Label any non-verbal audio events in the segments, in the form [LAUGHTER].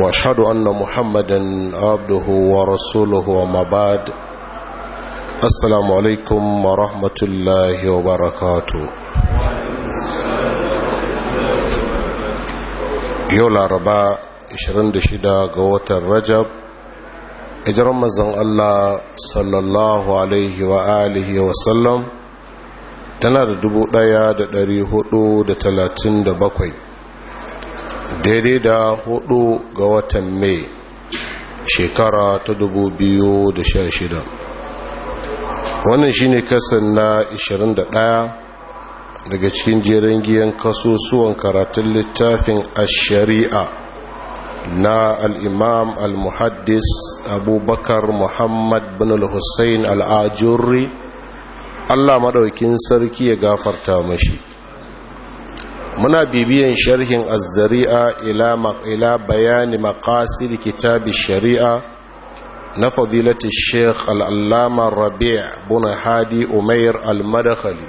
واشهد ان محمدا عبده ورسوله وما بعد السلام عليكم ورحمه الله وبركاته yau laraba 26 ga watan rajab ijiran mazan allah sallallahu alaihi wa alihi wa sallam tana da da talatin 1437 daidai da hudu ga watan mai shekara ta dubu biyu da sha shida. wannan shi ne kasan na 21 daga cikin jerin giyan kasusuwan karatun littafin ash-shari'a na alimam al-muhaddis abubakar muhammad bin al-hussein al allah maɗaukin sarki ya gafarta mashi muna bibiyan sharhin azzari'a ila bayani maqasid kitab shari'a na fadilati sheikh al-allama rabi' bin hadi umair al madkhali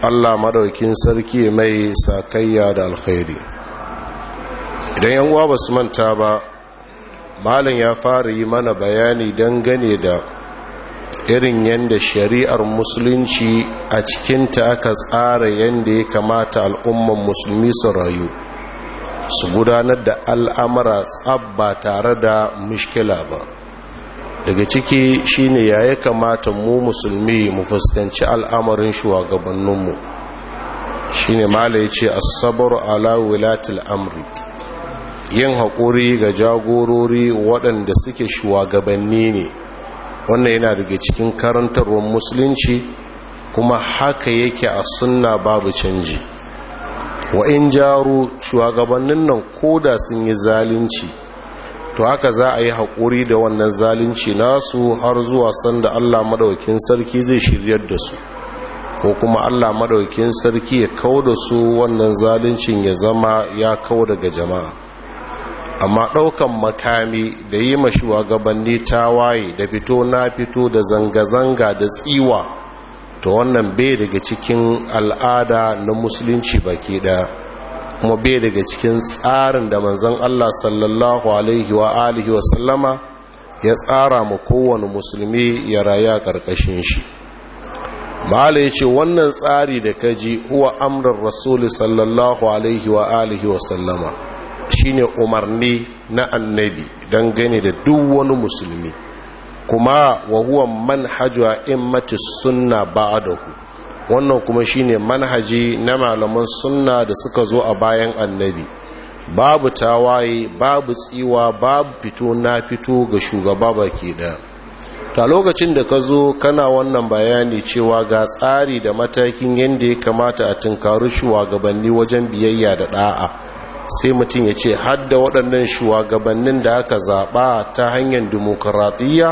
allah madaukin sarki mai sakayya da alkhairi idan yan uwa ba manta ba malam ya fara yi mana bayani dangane da irin yadda shari'ar musulunci a cikinta aka tsara yadda ya kamata al'umman musulmi su rayu su gudanar da al'amara tsab ba tare da mishkila ba daga ciki shine ya ya kamata mu musulmi mu fuskanci al'amarin shugabanninmu shine mala ya ce asabar ala amri yin haƙuri ga jagorori waɗanda suke shugabanni ne wannan yana daga cikin karantarwar musulunci kuma haka yake a sunna babu canji wa in jaru shugabannin nan koda sun yi zalunci to haka za a yi haƙuri da wannan zalunci nasu har zuwa sanda allah maɗaukin sarki zai shiryar da su ko kuma allah maɗaukin sarki ya kawo da su wannan zaluncin ya zama ya kawo daga jama'a amma ɗaukan makami da yi ma shugabanni waye da fito na fito da zanga-zanga da tsiwa ta wannan bai daga cikin al'ada na musulunci baki ɗaya kuma bai daga cikin tsarin da manzon Allah sallallahu alaihi wa alihi wa sallama ya tsara ma kowane musulmi ya raya ƙarƙashin shi mala ya ce wannan tsari da kaji huwa amrar rasuli sallallahu alaihi wa alihi wa sallama shine umarni na annabi don dangane da duk wani musulmi kuma wa huwa manhaju a'immati sunna ba'dahu wannan kuma shine manhaji na malaman sunna da suka zo a bayan annabi babu tawaye babu tsiwa babu fito na fito ga shugaba baki daya ta lokacin da ka zo kana wannan bayani cewa ga tsari da matakin yadda ya kamata a tunkari shugabanni wajen biyayya da da'a sai mutum ya ce hadda waɗannan shugabannin da aka zaɓa ta hanyar dimokuraɗiyya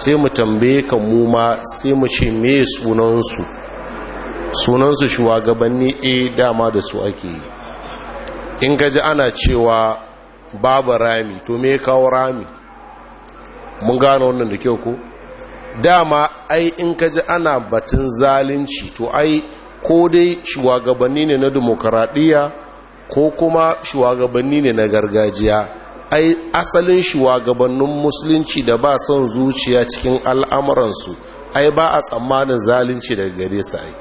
sai mu tambaye ka mu ma sai mu ce me sunansu sunansu shugabanni a eh, dama da su ake yi in gaji ana cewa babu rami to me kawo rami mun gano wannan da kyau ko dama ai in kaji ana batun zalunci to ai ko dai shugabanni ne na dimokuraɗiyya ko kuma shugabanni ne na gargajiya ai asalin shugabannin musulunci da ba son zuciya cikin al'amuransu ai ba a tsammanin zalunci daga gare su ai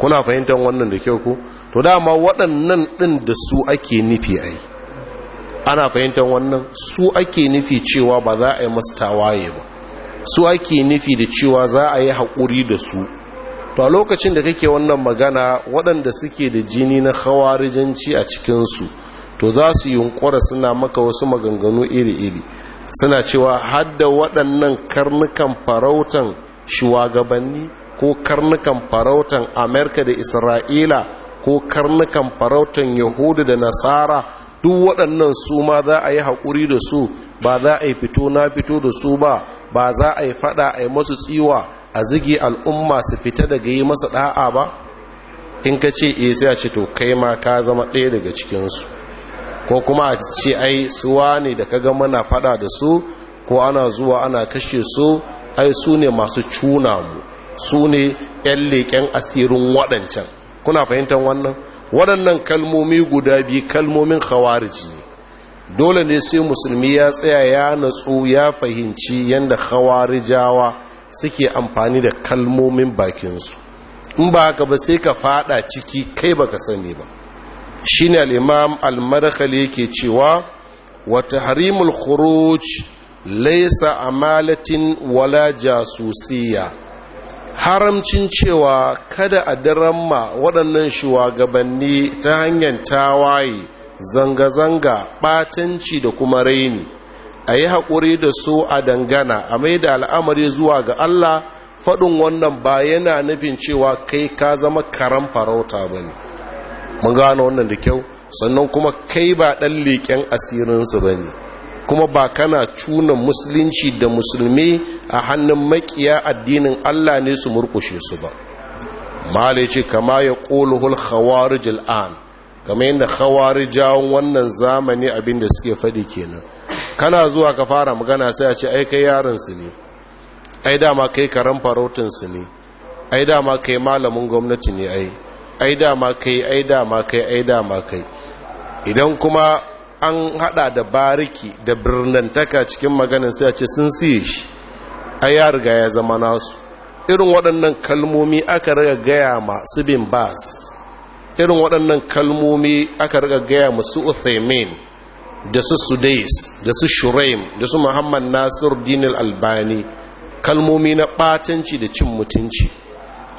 kuna fahimtar wannan da kyau ku to dama waɗannan ɗin da su ake nufi ai ana fahimtar wannan su ake nufi cewa ba za a yi masu tawaye ba su ake nufi da cewa za a yi haƙuri da su to a lokacin da kake wannan magana waɗanda suke da jini na khawarijanci a cikinsu to za su yunkura suna maka wasu maganganu iri-iri suna cewa hadda waɗannan karnukan farautan shugabanni ko karnukan farautan amerika da isra'ila ko karnukan farautan yahudu da nasara duk waɗannan su ma za a yi haƙuri da su ba za a yi fito na fito da su ba ba za a yi faɗa a yi masu tsiwa a zige al'umma su fita daga yi masa da'a ba in ka ce iya eh, sai a ce to kai ma ka zama ɗaya daga cikinsu ko kuma a ce ai suwa ne da kaga mana fada da su ko ana zuwa ana kashe su ai su ne masu cuna mu su ne 'yan leƙen asirin waɗancan kuna fahimtar wannan waɗannan kalmomi guda biyu kalmomin khawariji ne dole ne sai musulmi ya tsaya ya natsu ya fahimci yadda khawarijawa suke amfani da kalmomin bakinsu in ba haka ba sai ka fada ciki kai baka sani ba shine al-imam al-marakhali yake cewa wa tahrimul khuruj laysa amalatin wala jasusiya haramcin cewa kada a daramma waɗannan shugabanni ta hanyar tawaye zanga-zanga ɓatanci da kuma raini a yi haƙuri da su a dangana a mai da al'amari zuwa ga Allah faɗin wannan ba yana nufin cewa kai ka zama karan farauta ba ne mun gano wannan da kyau sannan kuma kai ba ɗan leƙen asirinsu ba ne kuma ba kana cuna musulunci da musulmi a hannun maƙiya addinin Allah ne su murkushe su ba mala ce kama ya ƙoluhul khawarijil an kama yadda khawarijawan wannan zamani abin da suke faɗi kenan kana zuwa ka fara magana sai a ce ai kai yaron su ne ai dama kai karan farautin su ne ai dama kai malamin gwamnati ne ai ai dama kai ai dama kai ai dama kai idan kuma an hada da bariki da birnantaka cikin maganin sai a ce sun siye shi ai ya riga ya zama nasu irin waɗannan kalmomi aka riga gaya ma su bin bas irin waɗannan kalmomi aka riga gaya ma su uthaymin da su sudais da su shuraim da su muhammad nasir dinil albani kalmomi na batanci da cin mutunci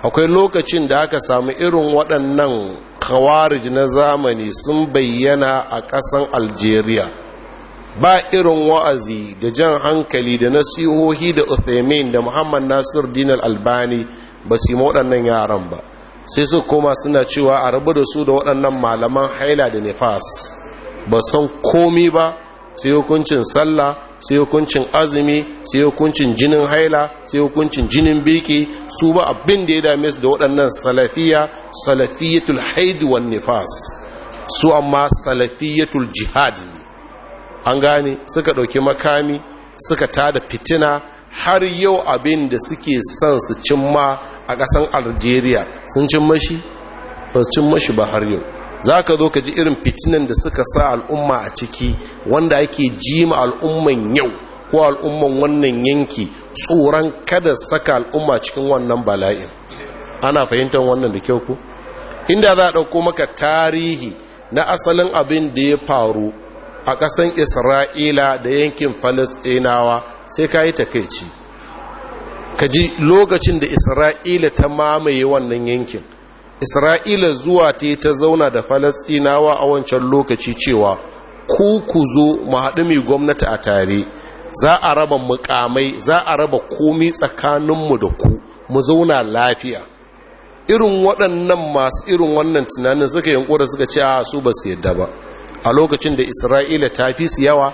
akwai lokacin da aka samu irin waɗannan kawarij na zamani sun bayyana a ƙasan algeria ba irin wa'azi da jan hankali da nasihohi da uthaymin da muhammad nasir dinar albani ba su yi waɗannan yaran ba sai su koma suna cewa a rabu da su da waɗannan malaman haila da nifas ba san komi ba sai hukuncin sallah sai hukuncin azumi sai hukuncin jinin haila sai hukuncin jinin biki su ba abin da ya dame su da waɗannan salafiya salafiyatul haidu wan nifas su amma salafiyatul jihad an gane suka ɗauki makami suka tada fitina har yau abin da suke son su cimma a ƙasan algeria sun cimma shi ba su cimma shi ba har yau za ka zo ka ji irin fitinan da suka sa al'umma a ciki wanda ake jima al'umman yau ko al'umman wannan yanki tsoron kada saka al'umma cikin wannan bala'in ana fahimtar wannan da kyau ku inda za a ɗauko maka tarihi na asalin abin da ya faru a ƙasan isra'ila da yankin falasɗinawa sai ka yi takaici ka ji lokacin da isra'ila ta mamaye wannan yankin isra'ila zuwa ta yi ta zauna da falastinawa a wancan lokaci cewa ku ku zo mu haɗu mai gwamnati a tare za a raba mukamai za a raba komi tsakaninmu da ku mu zauna lafiya irin waɗannan masu irin wannan tunanin suka yankura suka ce a su ba su yadda ba a lokacin da isra'ila ta fi su yawa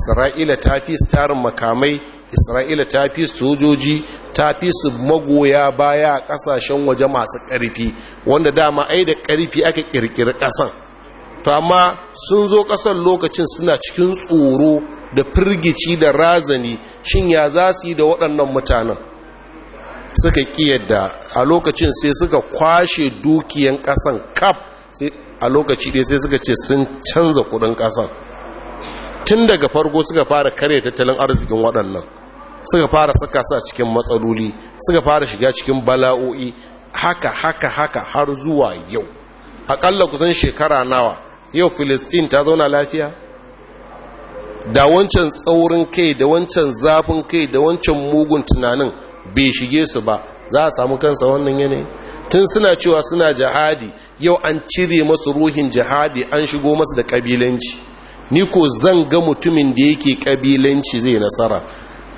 isra'ila ta fi su tarin makamai isra'ila ta fi sojoji ta fi su magoya baya a ƙasashen waje masu ƙarfi wanda dama ai da ƙarfi aka ƙirƙiri ƙasan to amma sun zo ƙasan lokacin suna cikin tsoro da firgici da razani shin ya za su yi da waɗannan mutanen suka yadda a lokacin sai suka kwashe dukiyan ƙasan kaf a lokaci ɗaya sai suka ce sun canza kuɗin ƙasan tun daga farko suka fara kare tattalin arzikin waɗannan suka fara saka su a cikin matsaloli suka fara shiga cikin bala'o'i haka haka haka har zuwa yau akalla kusan shekara nawa yau filistin ta zauna lafiya da wancan tsaurin kai da wancan zafin kai da wancan mugun tunanin bai shige su ba za a samu kansa wannan yane tun suna cewa suna jihadi yau an cire masu ruhin jihadi an shigo masu da ƙabilanci. ni ko zan ga mutumin da yake ƙabilanci zai nasara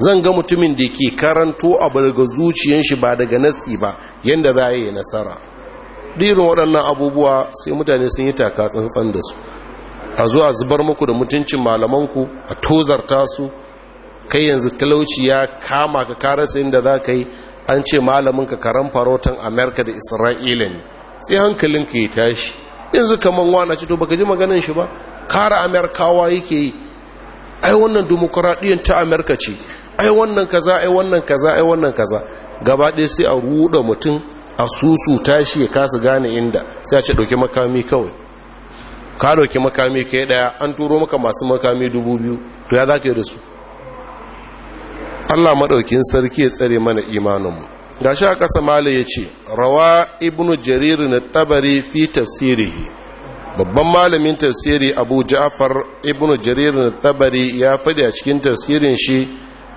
zan ga mutumin da ke karanto abu daga zuciyan shi ba daga nasi ba yadda za a yi nasara dirin waɗannan abubuwa sai mutane sun yi taka tsantsan da su a zuwa zubar muku da mutuncin malamanku a tozarta su kai yanzu talauci ya kama ka karasa inda za ka yi an ce malamin ka karan farautan amerika da isra'ila ne sai hankalin ka yi tashi yanzu kamar wana ce to baka ji maganin shi ba kara amerikawa yake yi ai wannan dimokuraɗiyyar ta amerika ce ai wannan kaza ai wannan kaza ai wannan kaza gaba ɗaya sai a ruɗa mutum a susu tashi ya kasa gane inda sai a ce ɗauki makami kawai ka ɗauki makami kai ɗaya an turo maka masu makami dubu biyu to ya za ka yi da su allah maɗaukin sarki ya tsare mana imaninmu ga shi a ƙasa mala ya ce rawa ibnu jarir na tabari fi tafsirihi babban malamin tafsiri abu ja'far ibnu jarir na tabari ya faɗi a cikin tafsirin shi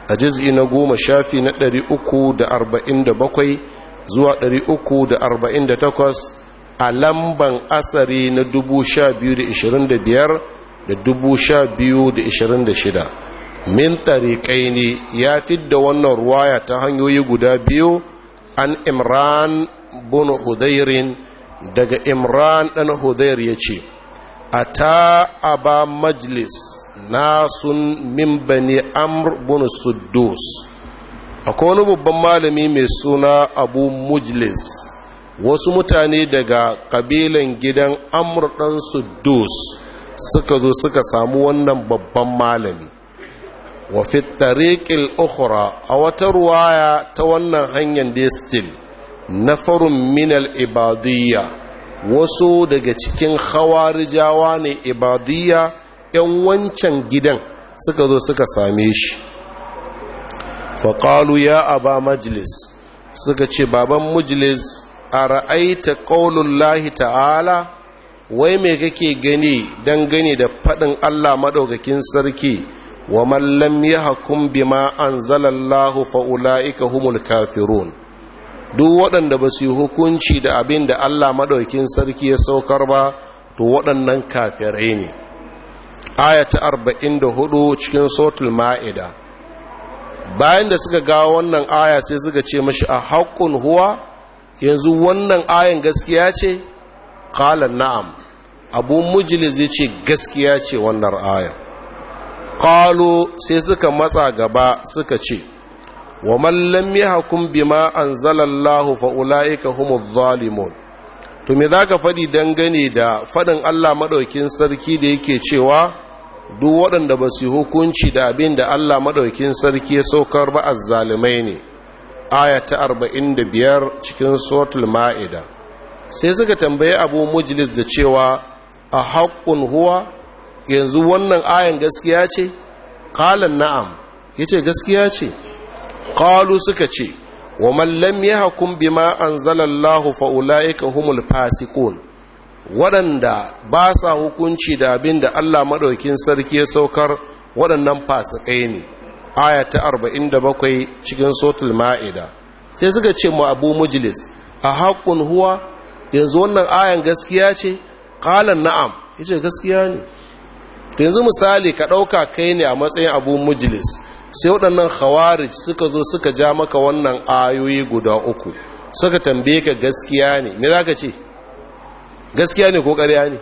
a jiz'i na goma shafi na 347 zuwa 348 a lamban asari na biyu da 1226 min tariƙai ne ya fidda wannan ruwaya ta hanyoyi guda biyu an imran bin hudairin daga imran ɗan hudair ya ce a ta aba majlis nasun min bani amr bin suddus akwai wani babban malami mai suna abu mujlis wasu mutane daga kabilan gidan amr dan suddus suka zo suka samu wannan babban malami wa fi ukhra a wata ruwaya ta wannan hanyar da still nafarun min ibadiyya wasu daga cikin Rijawa ne ibadiyya 'yan wancan gidan suka zo suka same shi faƙalu ya aba majalis suka ce baban majalis a ra'aita ƙaunin lahi ta'ala wai mai kake gani don gani da faɗin allah maɗaukakin sarki wa mallam ya hakun bima an zalallahu fa'ula'ika humul kafirun duk waɗanda ba su yi hukunci da abin da Allah maɗaukakin sarki ya saukar ba to waɗannan kafirai ne aya ta arba'in da hudu cikin sotul ma'ida bayan da suka ga wannan aya sai suka ce mashi a haƙƙun huwa yanzu wannan ayan gaskiya ce ƙalar na'am abu mujilis ya ce gaskiya ce wannan aya. ƙalo sai suka matsa gaba suka ce wa mallam ya hakun bima an zalallahu fa'ula'ika humu zalimun to me za ka faɗi dangane da faɗin allah maɗaukin sarki da yake cewa duk waɗanda ba su hukunci da abin da Allah maɗaukin sarki ya saukar ba a azzalumai ne aya ta arba'in da biyar cikin sotul ma'ida sai suka tambaye abu mujlis da cewa a haƙƙun huwa yanzu wannan ayan gaskiya ce ƙalan na'am ya ce gaskiya ce ƙalu suka ce wa mallam ya hakun bima an zalallahu fa'ula'ika humul fasikun waɗanda ba sa hukunci da abin da Allah maɗaukin sarki ya saukar waɗannan fasikai ne aya ta 47 cikin sotul ma'ida sai suka ce mu abu mujlis a haƙƙun huwa yanzu wannan ayan gaskiya ce ƙalan na'am ya ce gaskiya ne yanzu misali ka ɗauka kai ne a matsayin abu mujlis sai waɗannan khawarij suka zo suka ja maka wannan ayoyi guda uku suka tambaye ka gaskiya ne me za ka ce gaskiya ne ko ƙarya ne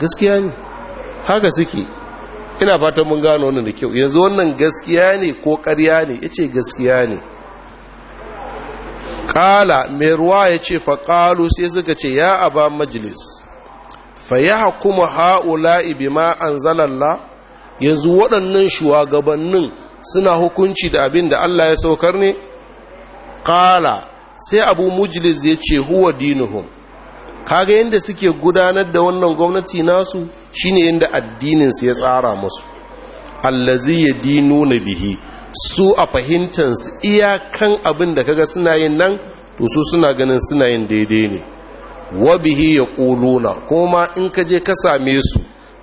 gaskiya ne haka suke ina fatan mun gano wannan da kyau yanzu wannan gaskiya ne ko ƙarya ne ya ce gaskiya ne ƙala mai ruwa ya ce faƙalu sai suka ce ya aba majalis fa ya hakuma ha'ula ibima an zalalla yanzu waɗannan shugabannin suna hukunci da abin da Allah ya saukar ne ƙala sai abu mujalis ya ce huwa dinuhun kaga yadda suke gudanar da wannan gwamnati nasu shine yadda addininsu ya tsara musu allazi ya dino na bihi su a fahimtansu iyakan abin da kaga suna yin nan to su suna ganin suna yin daidai ne wa bihi ya ƙuluna kuma in ka je ka same su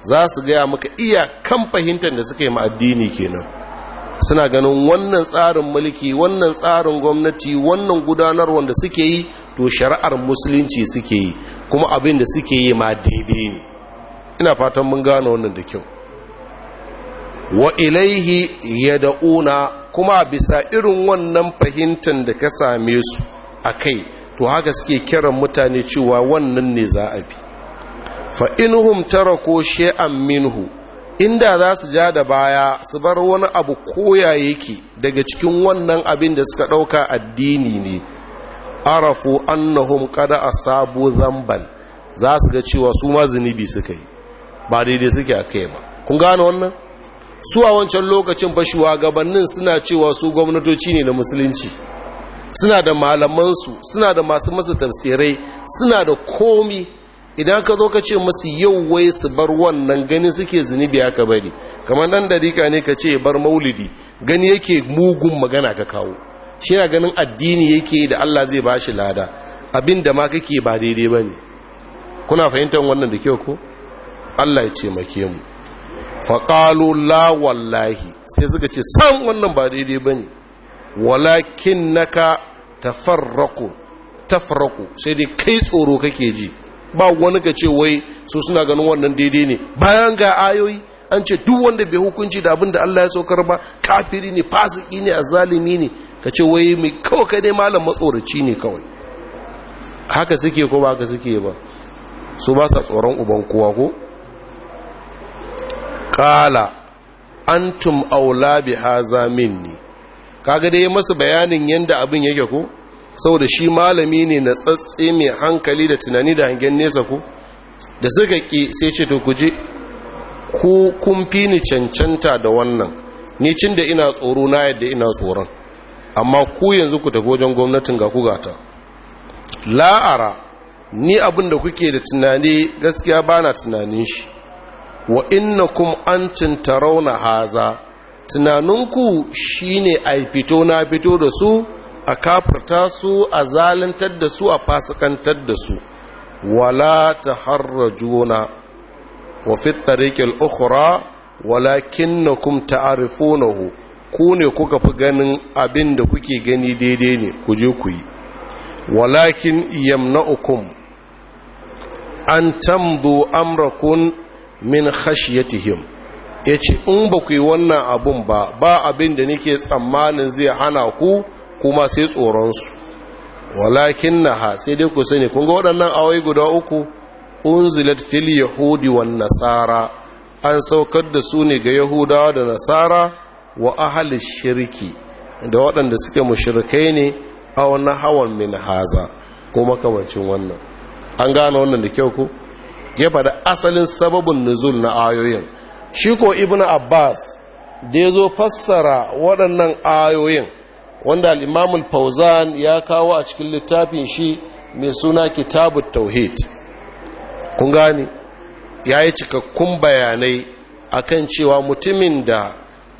za su gaya maka iyakan fahimtar da suka yi ma addini kenan suna ganin wannan tsarin mulki wannan tsarin gwamnati wannan gudanar wanda suke yi to shari'ar musulunci suke yi kuma abin da suke yi ma daidai ne ina fatan mun gane wannan da kyau wa ilaihi da'una kuma bisa irin wannan fahimtar da ka same su a kai to haka suke kiran mutane cewa wannan ne za a bi fa inhum tarako shay'an minhu inda za su ja da baya su bar wani abu koya yake daga cikin wannan abin da suka ɗauka addini ne arafu annahum kada a sabu zamban za su ga cewa su ma zunubi suka yi ba daidai suke a kai ba kun gane wannan su a wancan lokacin fa gabanin suna cewa su gwamnatoci ne na musulunci suna da malamansu suna da masu masa tafsirai suna da komi idan ka zo ka ce masu yau wai su bar wannan gani suke zunubi ka bari kamar nan dariƙa ne ka ce bar maulidi gani yake mugun magana ka kawo shi na ganin addini yake da Allah zai ba shi lada abin da ma kake ba daidai ba ne kuna fahimtar wannan da kyau ko Allah ya ce make mu faƙalu la wallahi sai suka ce sam wannan ba daidai ba ne walakin naka tafarraku tafarraku sai dai kai tsoro kake ji ba wani ka ce wai su suna ganin wannan daidai ne bayan ga ayoyi an ce duk wanda bai hukunci da abin da Allah ya saukar ba kafiri ne fasiki ne azalimi ne ka ce wai mai kawai kai ne malam matsoraci ne kawai haka suke ko ba haka suke ba su ba sa tsoron uban kowa ko kala antum aula bi haza minni kaga dai masa bayanin yanda abin yake ko saboda shi malami ne na tsatsi mai hankali da tunani da hangen nesa ku da suka ƙi sai ce to kuje ku kun fi ni cancanta da wannan ni cin da ina tsoro na yadda ina tsoron amma ku yanzu ku tafi wajen gwamnatin ga kugata la'ara ni abin da kuke da tunani gaskiya ba na tunanin shi wa kum antin tarauna haza tunaninku shi ne a fito na fito da su a kafirta su a zalintar da su a fasikantar da su wala ta harra juna. wa fi na kum walakinnakum ta'rifunahu ku ne kuka fi ganin abin da kuke gani daidai ne ku je ku yi walakin yamna'ukum an tambu amrakun min ya ce in ba ku yi wannan abun ba ba abin da nake tsammanin zai hana ku kuma sai tsoronsu walakin na ha sai dai ku sani kun ga waɗannan awai guda uku unzilat fil yahudi wan nasara an saukar da su ne ga yahudawa da nasara wa ahli shirki da waɗanda suke mushrikai ne a wani hawan min haza ko makamancin wannan an gane wannan da kyau ku ya faɗa asalin sababin nuzul na ayoyin shi ko ibnu abbas da ya zo fassara waɗannan ayoyin wanda al'imamul fauzan ya kawo a cikin littafin shi mai suna kitabu tauhid kun gani ya yi cikakkun bayanai akan cewa mutumin da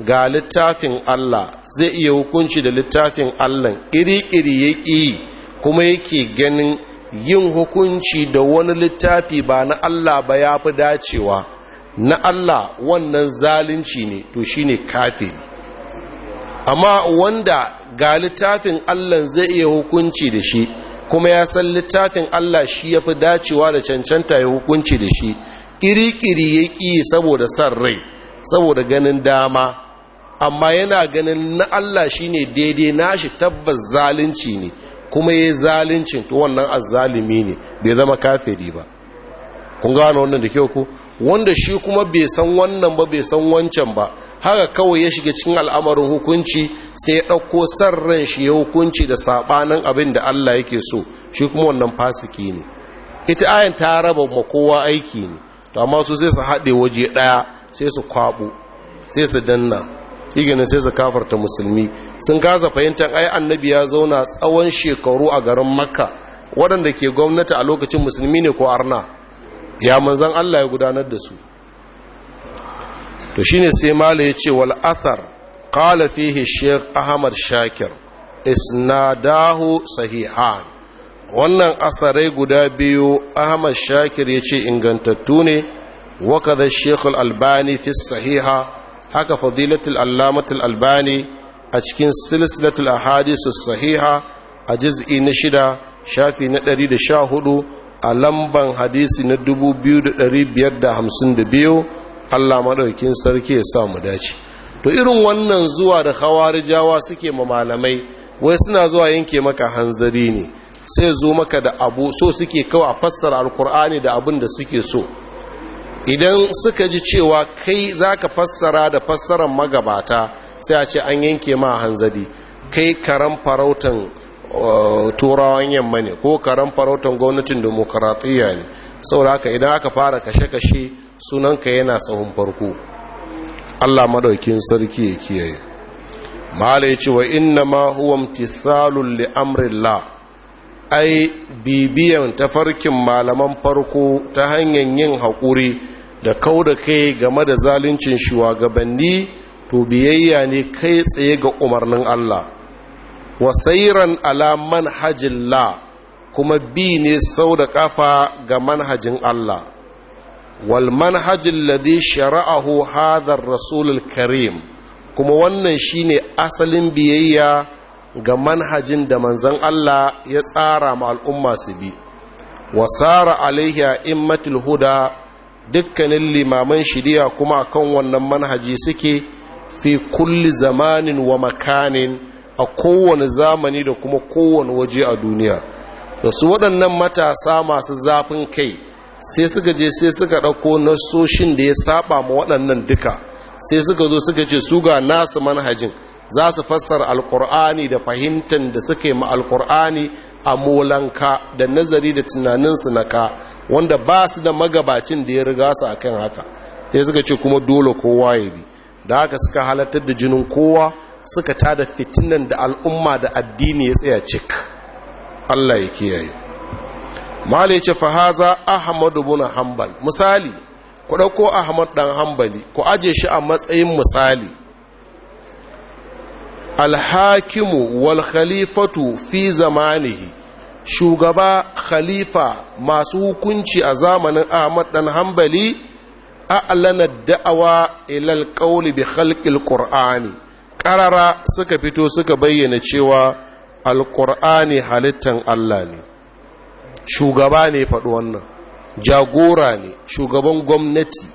ga littafin Allah zai iya hukunci da littafin Allah iri-iri ya ƙi kuma yake ganin yin hukunci da wani littafi ba na Allah ba ya fi dacewa na Allah wannan zalunci ne to shine kafin. amma wanda ga littafin allah zai iya hukunci da shi kuma ya san littafin allah shi ya fi dacewa da cancanta ya hukunci da shi ƙiriƙiri ya ƙi saboda san rai saboda ganin dama amma yana ganin na allah shi ne daidai nashi tabbas zalunci ne kuma ya yi to wannan azzalimi ne bai zama kafiri ba kun gano wannan da kyau ku wanda shi kuma bai san wannan ba bai san wancan ba haka kawai ya shiga cikin al'amarin hukunci sai ya ɗauko san ran shi ya hukunci da saɓanin abin da Allah yake so shi kuma wannan fasiki ne ita ayan ta raba ma kowa aiki ne to amma su sai su haɗe waje ɗaya sai su kwaɓo sai su danna igina sai su kafarta musulmi sun kasa fahimtar ai annabi ya zauna tsawon shekaru a garin makka waɗanda ke gwamnati a lokacin musulmi ne ko arna ya manzan Allah ya gudanar da su to shine sai mala ya ce wal athar qala fihi sheikh ahmad shakir isnadahu sahihan wannan asarai guda biyu ahmad shakir ya ce ingantattu ne wa kadha sheikh albani fi sahiha haka fadilatul al albani a cikin silsilatul ahadith sahiha a juz'i na shida shafi na 114 a lamban hadisi na 2552 Allah maɗaukin sarki ya sa mu dace to irin wannan zuwa da khawarijawa suke ma malamai wai suna zuwa yanke maka hanzari ne sai zo maka da abu so suke kawai a fassara alkur'ani da abin da suke so idan suka ji cewa kai zaka fassara da fassarar magabata sai a ce an yanke ma hanzari kai karan farautan Uh, turawan yamma ne ko karan farautan gwamnatin demokaratiyya ne saboda haka idan aka fara kashe-kashe sunanka yana tsawon farko allah madaukin sarki ya kiyaye mahala ce wa inna ma huwa mtisalun li amrillah ai bibiyan tafarkin malaman farko ta hanyar yin haƙuri da kau da kai game da zaluncin shugabanni to biyayya ne kai tsaye ga umarnin allah wa sairan ala La kuma bi ne sau da kafa ga manhajin Allah wal manhajin ladhi shara'ahu hadar rasulul karim kuma wannan shine asalin biyayya ga manhajin da manzan Allah ya tsara ma al'umma su bi wasara alaihi a immatul huda dukkanin limaman shiriya kuma kan wannan manhaji suke fi kulli zamanin wa makanin a kowane zamani da kuma kowane waje a duniya da su waɗannan matasa masu zafin kai sai suka je sai suka ɗauko nasoshin da ya saba ma waɗannan duka sai suka zo suka ce su ga nasu manhajin za su fassara alkur'ani da fahimtar da suke ma alkur'ani a molanka da nazari da tunaninsu na ka wanda ba su da magabacin da ya riga su akan haka sai suka ce kuma dole kowa ya bi da haka suka halartar da jinin kowa suka tada fitinan da al'umma da addini ya tsaya cik Allah ya kiyaye mala ce fa haza Ahmadu ibn hanbal misali ku dauko ahmad dan hanbali ku aje shi a matsayin misali alhakimu wal khalifatu fi zamanihi shugaba khalifa masu hukunci a zamanin ahmad dan hanbali a'lana da'awa ila alqawli bi khalqi alqur'ani ƙarara suka fito suka bayyana cewa alƙur'ani halittan Allah ne shugaba ne faɗi wannan jagora ne shugaban gwamnati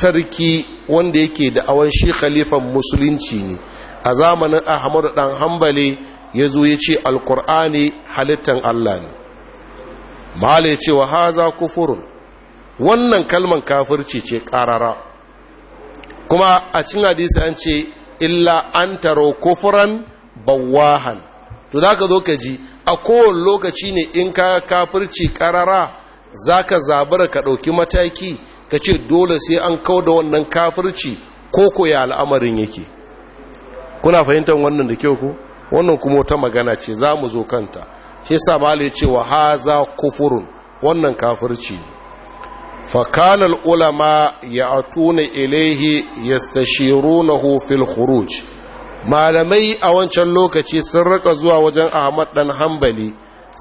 sarki wanda yake da awon shi khalifan musulunci ne a zamanin ahmadu ɗan hambali ya zo ya ce alƙur'ani halittan Allah ne mahala ya ce wa haza kufurun wannan kalman kafirci ce ƙarara kuma a cin hadisi an ce illa an taro kufuran bawahan to za ka zo ka ji a kowane lokaci ne in ka kafirci karara za ka zabura ka ɗauki mataki ka ce dole sai an kawo da wannan kafirci ko koya al'amarin yake kuna fahimtar wannan da kyau ku wannan kuma wata magana ce za mu zo kanta shi sa ba ce haza kufurun wannan kafirci ne fakanar ulama ya atuna ilaihi ya stashirunahu fil khuruj malamai a wancan lokaci sun rika zuwa wajen ahmad Ɗan hambali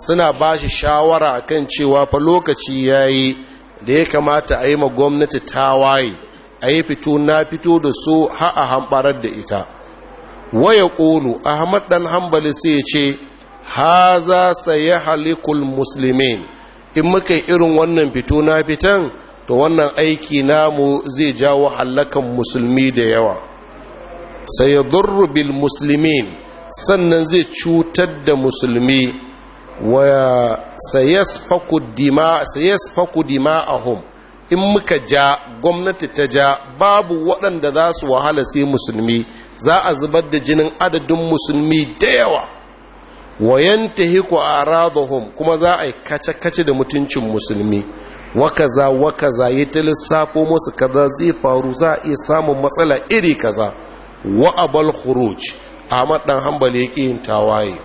suna ba shi shawara kan cewa fa lokaci ya yi da ya kamata a yi ma gwamnati tawaye a yi fito na fito da su ha'a a da ita waya ƙolu ahmad Ɗan hambali sai ya ce haza saye halikul musulmin in muka yi irin wannan fito na fitan to wannan aiki namu zai jawo hallakan musulmi da yawa sai ya bil musulmin sannan zai cutar da musulmi wa sayasfaku dima'ahum in muka ja gwamnati ta ja babu waɗanda za su wahala sai musulmi za a zubar da jinin adadin musulmi da yawa wa a aradahum kuma za a yi kace-kace da mutuncin musulmi wakaza wakaza yi ta lissafo musu kaza zai faru za a iya samun matsala iri kaza wa abal khuruj ahmad dan hanbali yake yin tawaye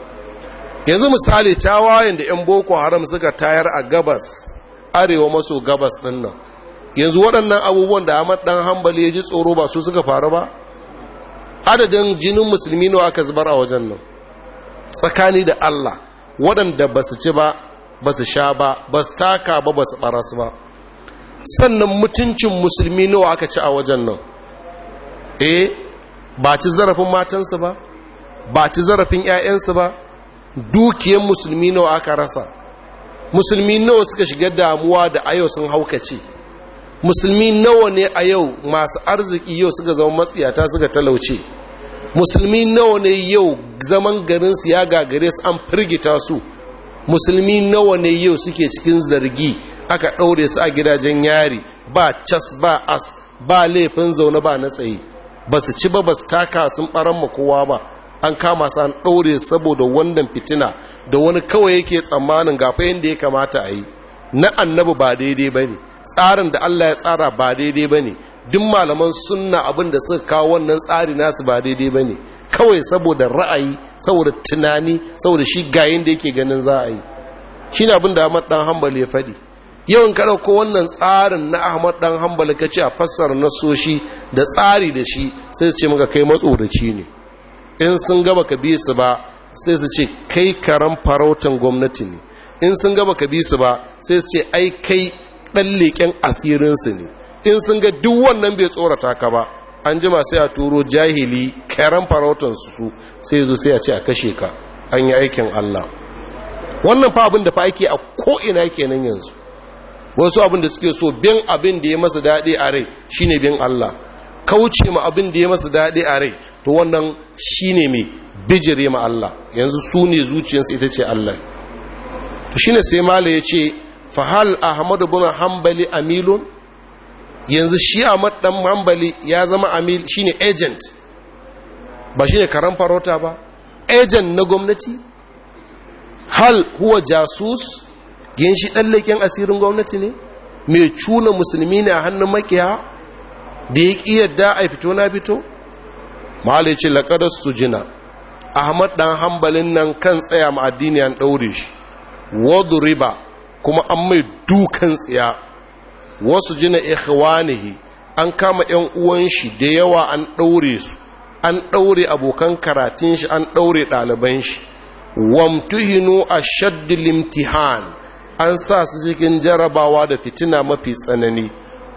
yanzu misali tawayen da yan boko haram suka tayar a gabas arewa maso gabas din nan yanzu waɗannan abubuwan da ahmad dan Hambali ya ji tsoro ba su suka faru ba adadin jinin musulmi nawa aka zubar a wajen nan tsakani da Allah waɗanda ba su ci ba ba su sha ba ba su taka ba ba su ɓarasu ba sannan mutuncin musulmi nawa aka ci a wajen nan eh ba ci zarafin matansu ba ba ci zarafin 'ya'yansu ba dukiyar musulmi nawa aka rasa musulmi nawa suka shiga damuwa da a yau sun haukace musulmi nawa ne a yau masu arziki yau suka zama matsiyata suka talauce musulmi nawa ne yau zaman garinsu ya gagare su an firgita su musulmi nawa ne yau suke cikin zargi aka ɗaure su a gidajen yari ba cas ba as ba laifin zaune ba na tsaye ba su ci ba ba su taka sun ɓaran ma kowa ba an kama su an ɗaure saboda wannan fitina da wani kawai yake tsammanin gafa yadda ya kamata a yi na annabi ba daidai ba ne tsarin da allah ya tsara ba daidai ba ne duk malaman sunna abin da suka kawo wannan tsari nasu ba daidai ba ne kawai saboda ra'ayi saboda tunani saboda shi gayin da yake ganin za a yi shi ne abin da ahmad dan hambal ya faɗi yawan kada ko wannan tsarin na ahmad dan hambal ka ce a fassara nasoshi da tsari da shi sai su ce maka kai matsoraci ne in sun gaba ka bi su ba sai su ce kai karan farautan gwamnati ne in sun gaba ka bi su ba sai su ce ai kai ɗan leƙen asirinsu ne in sun ga duk wannan bai tsorata ka ba an jima sai a turo jahili karan farautar su sai zo sai a ce a kashe ka an yi aikin Allah wannan fa abin da fa ake a ko'ina kenan yanzu wasu abin da suke so bin abin da ya masa daɗi a rai shine bin Allah kauce ma abin da ya masa daɗi a rai to wannan shine mai bijire ma Allah yanzu su ne zuciyarsu ita ce Allah to shine sai mala ya ce fahal ahmadu bin hanbali amilun yanzu shi ahmad ɗan Mambali ya zama amil shine agent ba shine karan farauta ba agent na gwamnati hal huwa jasus yin shi dan leken asirin gwamnati ne mai cuna musulmi ne a hannun makiya da ya ƙi yadda a fito na fito malice laƙadar su jina ahmad ɗan hambalin nan kan tsaya ma an ɗaure shi wadu riba kuma an mai dukan tsiya wasu jina ikhwanihi an kama ‘yan uwan shi da yawa an ɗaure su an ɗaure abokan karatun shi an ɗaure ɗaliban shi wamtuhinu a shaddi imtihan an sa su cikin jarabawa da fitina mafi tsanani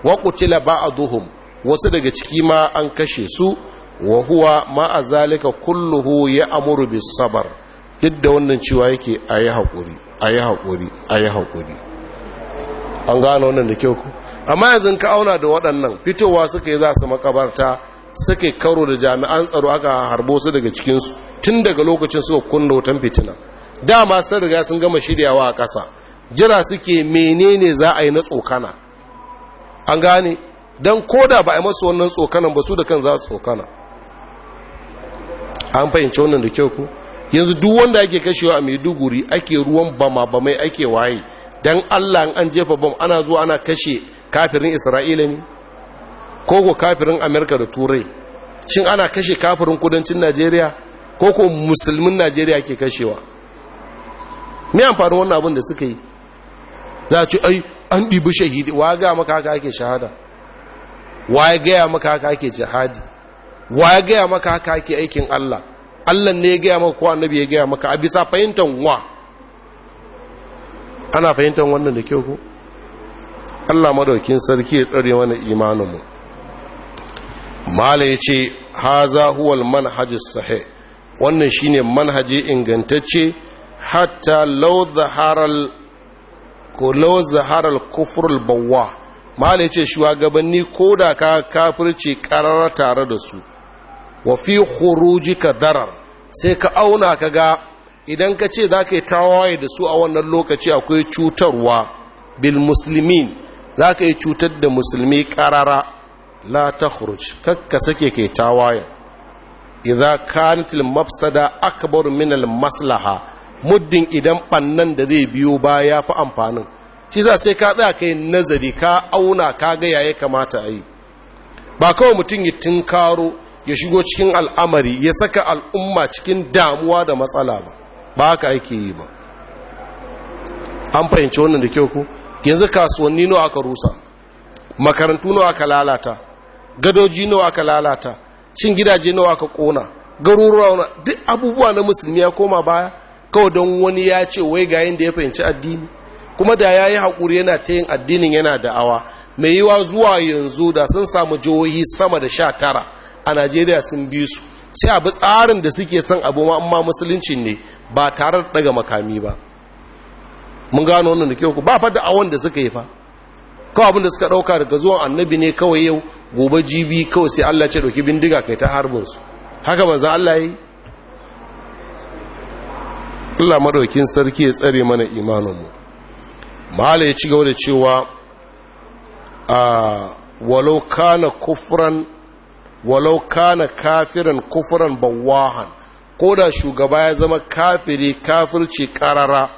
wa a duhum wasu daga ciki ma an kashe su wa huwa ma azalika kulluhu ya amuru bis yadda duk wannan cewa yake ayi hakuri ayi hakuri ayi hakuri an gano wannan da kyau amma yanzu ka auna da waɗannan fitowa suka yi za su makabarta suka karo da jami'an tsaro aka harbo su daga cikinsu tun daga lokacin suka kunna wutan fitina dama sun riga sun gama shiryawa a ƙasa jira suke menene za a yi na tsokana an gane don koda ba a yi masu wannan tsokanan ba su da kan za su tsokana an fahimci wannan da kyau ku yanzu duk wanda ake kashewa a maiduguri ake ruwan bama bamai ake waye Dan allah an jefa bom ana zuwa ana kashe kafirin isra'ila ne ko ko kafirin amerika da turai shin ana kashe kafirin kudancin najeriya ko ko musulmin najeriya ke kashewa me amfani wannan abin da suka yi za a ai an dibi shahidi wa ga maka haka ake shahada wa ya gaya maka haka ake jihadi wa ya gaya maka haka ake aikin allah allah ne ya gaya maka ko annabi ya gaya maka a bisa fahimtar wa ana fahimtar wannan da kyau ku Allah madaukin sarki ya tsare mana imaninmu mala ya ce haza huwal manhajis sahih wannan shine manhaji ingantacce hatta law zaharal ko law zaharal kufr al bawwa mala ya ce shugabanni koda ka kafirci karara tare da su wa fi ka darar sai ka auna ka ga idan ka ce za ka yi tawaye da su a wannan lokaci akwai cutarwa bil musulmin za ka yi cutar da musulmi karara la ta huruj kakka sake kai tawaye idan kanitil mafsada akabar minal maslaha muddin idan bannan da zai biyo ba ya fi amfanin shi za sai ka tsaya ka yi nazari ka auna ka ga yaya kamata a yi ba kawai mutum ya tunkaro ya shigo cikin al'amari ya saka al'umma cikin damuwa da matsala ba ba haka aiki yi ba an fahimci wannan da kyau ku yanzu kasuwanni nawa aka rusa makarantu nawa aka lalata gadoji nawa aka lalata cin gidaje nawa aka kona garuruwa duk abubuwa na musulmi ya koma baya kawai don wani ya ce wai ga yin da ya fahimci addini kuma da ya yi haƙuri yana ta yin addinin yana da awa mai yiwa zuwa yanzu da sun samu jihohi sama da sha tara a najeriya sun bi su sai abu tsarin da suke son abu ma musulunci ne ba tare da daga makami ba mun gano wannan da kyau ku ba fa da awon da suka yi fa kawai abin da suka dauka daga zuwan annabi ne kawai yau gobe jibi kawai sai Allah ce dauki bindiga kai ta harbin su haka manzo Allah yi Allah madaukin sarki ya tsare mana imanin mu mala ya ci gaba da cewa a walau kana kufran walau kana kafiran kufran bawahan ko da shugaba ya zama kafiri kafirci karara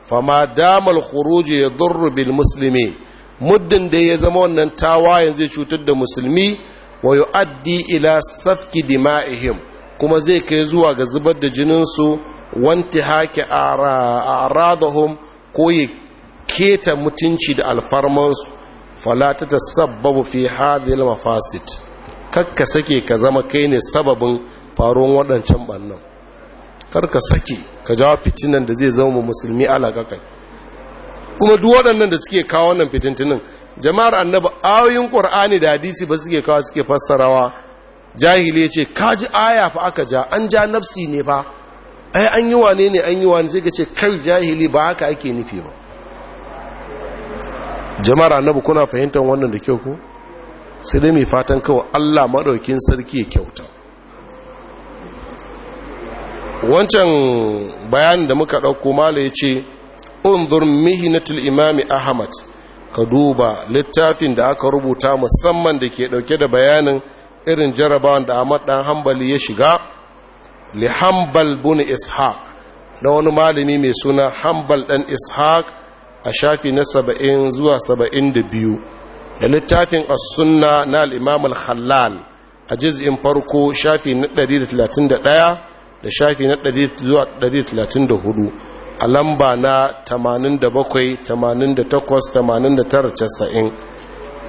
fama damal khuruji ya zurru bil musulmi muddin da ya zama wannan tawayen zai cutar da musulmi wa yu'addi ila safki dima'ihim kuma zai kai zuwa ga zubar da jininsu wanti a aradahum ko ya keta mutunci da alfarmansu fala ta tasabbabu fi hadhihi al mafasid kakka sake ka zama kai ne sababin faruwan waɗancan ɓannan karka sake ka jawa fitinan da zai zama musulmi alaƙa kai kuma duk waɗannan da suke kawo wannan fitintinin jama'ar annaba ayoyin ƙur'ani da hadisi ba suke kawo suke fassarawa jahili ce ka ji aya fa aka ja an ja nafsi ne ba, ai an yi wane ne an yi wane sai ka ce kai jahili ba haka ake nufi ba jama'ar annaba kuna fahimtar wannan da kyau ko sai dai mai fatan kawai Allah maɗaukin sarki ya kyauta wancan bayanin da muka ɗauko mala ya ce unzur mihinatul imami ahmad ka duba littafin da aka rubuta musamman da ke ɗauke da bayanin irin jarabawan da ahmad ɗan hambali ya shiga li hambal bin ishaq na wani malami mai suna hambal ɗan ishaq a shafi na saba'in zuwa saba'in da biyu da littafin as-sunna na al'imamul halal a juz'in farko shafi na 131 da shafi na 134 a lamba na 87 88 89 90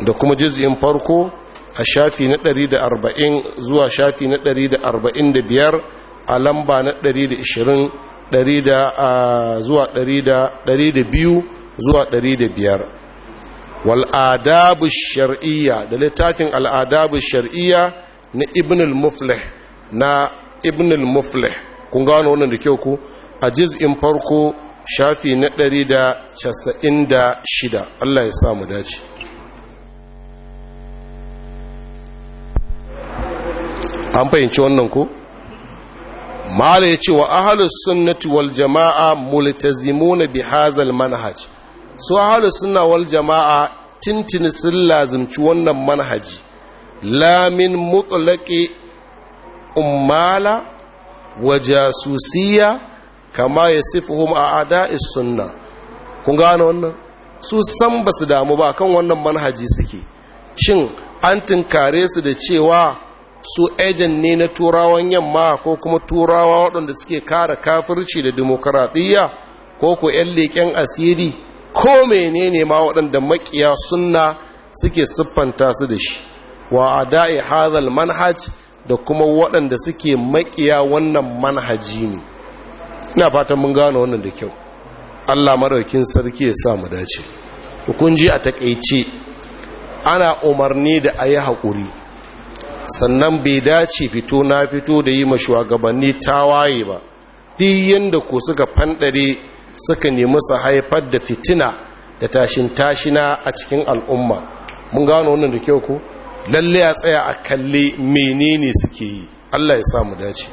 da kuma jiz'in farko a shafi na 140 zuwa shafi na 145 a lamba na 120 zuwa 200 zuwa 500 wal'adabu shari'iyya da littafin al'adabu shari'iyya na ibn al-muflih na ibn al-muflih kun gano wannan da kyau ku a juz'in farko shafi na 196 Allah ya sa mu dace an fahimci wannan ko mala ya wa ahalus sunnati wal jama'a multazimuna bi hazal manhaj su ahalus sunna wal jama'a tintini sun lazimci wannan manhaji lamin mutlaqi ummala wa jasusiya kama ya sifuhum a ada sunna kun gano wannan su san ba su damu ba kan wannan manhaji suke shin an tunkare su da cewa su ejen ne na turawan yamma ko kuma turawa waɗanda suke kara kafirci da demokaradiyya ko ko 'yan leƙen asiri ko menene ma waɗanda makiya sunna suke siffanta su da shi wa a da'i hazal manhaj da kuma waɗanda suke maƙiya wannan manhaji ne ina fatan mun gano wannan da kyau Allah maraukin sarki ya sa mu dace hukunji a takeice ana umarni da ayi yi haƙuri sannan bai dace fito na fito da yi shugabanni tawaye ba duk yadda ko suka fanɗare suka nemi su haifar da fitina da tashin tashina a cikin al'umma mun gano wannan da kyau ko lalle a tsaya a kalli menene suke yi Allah ya samu dace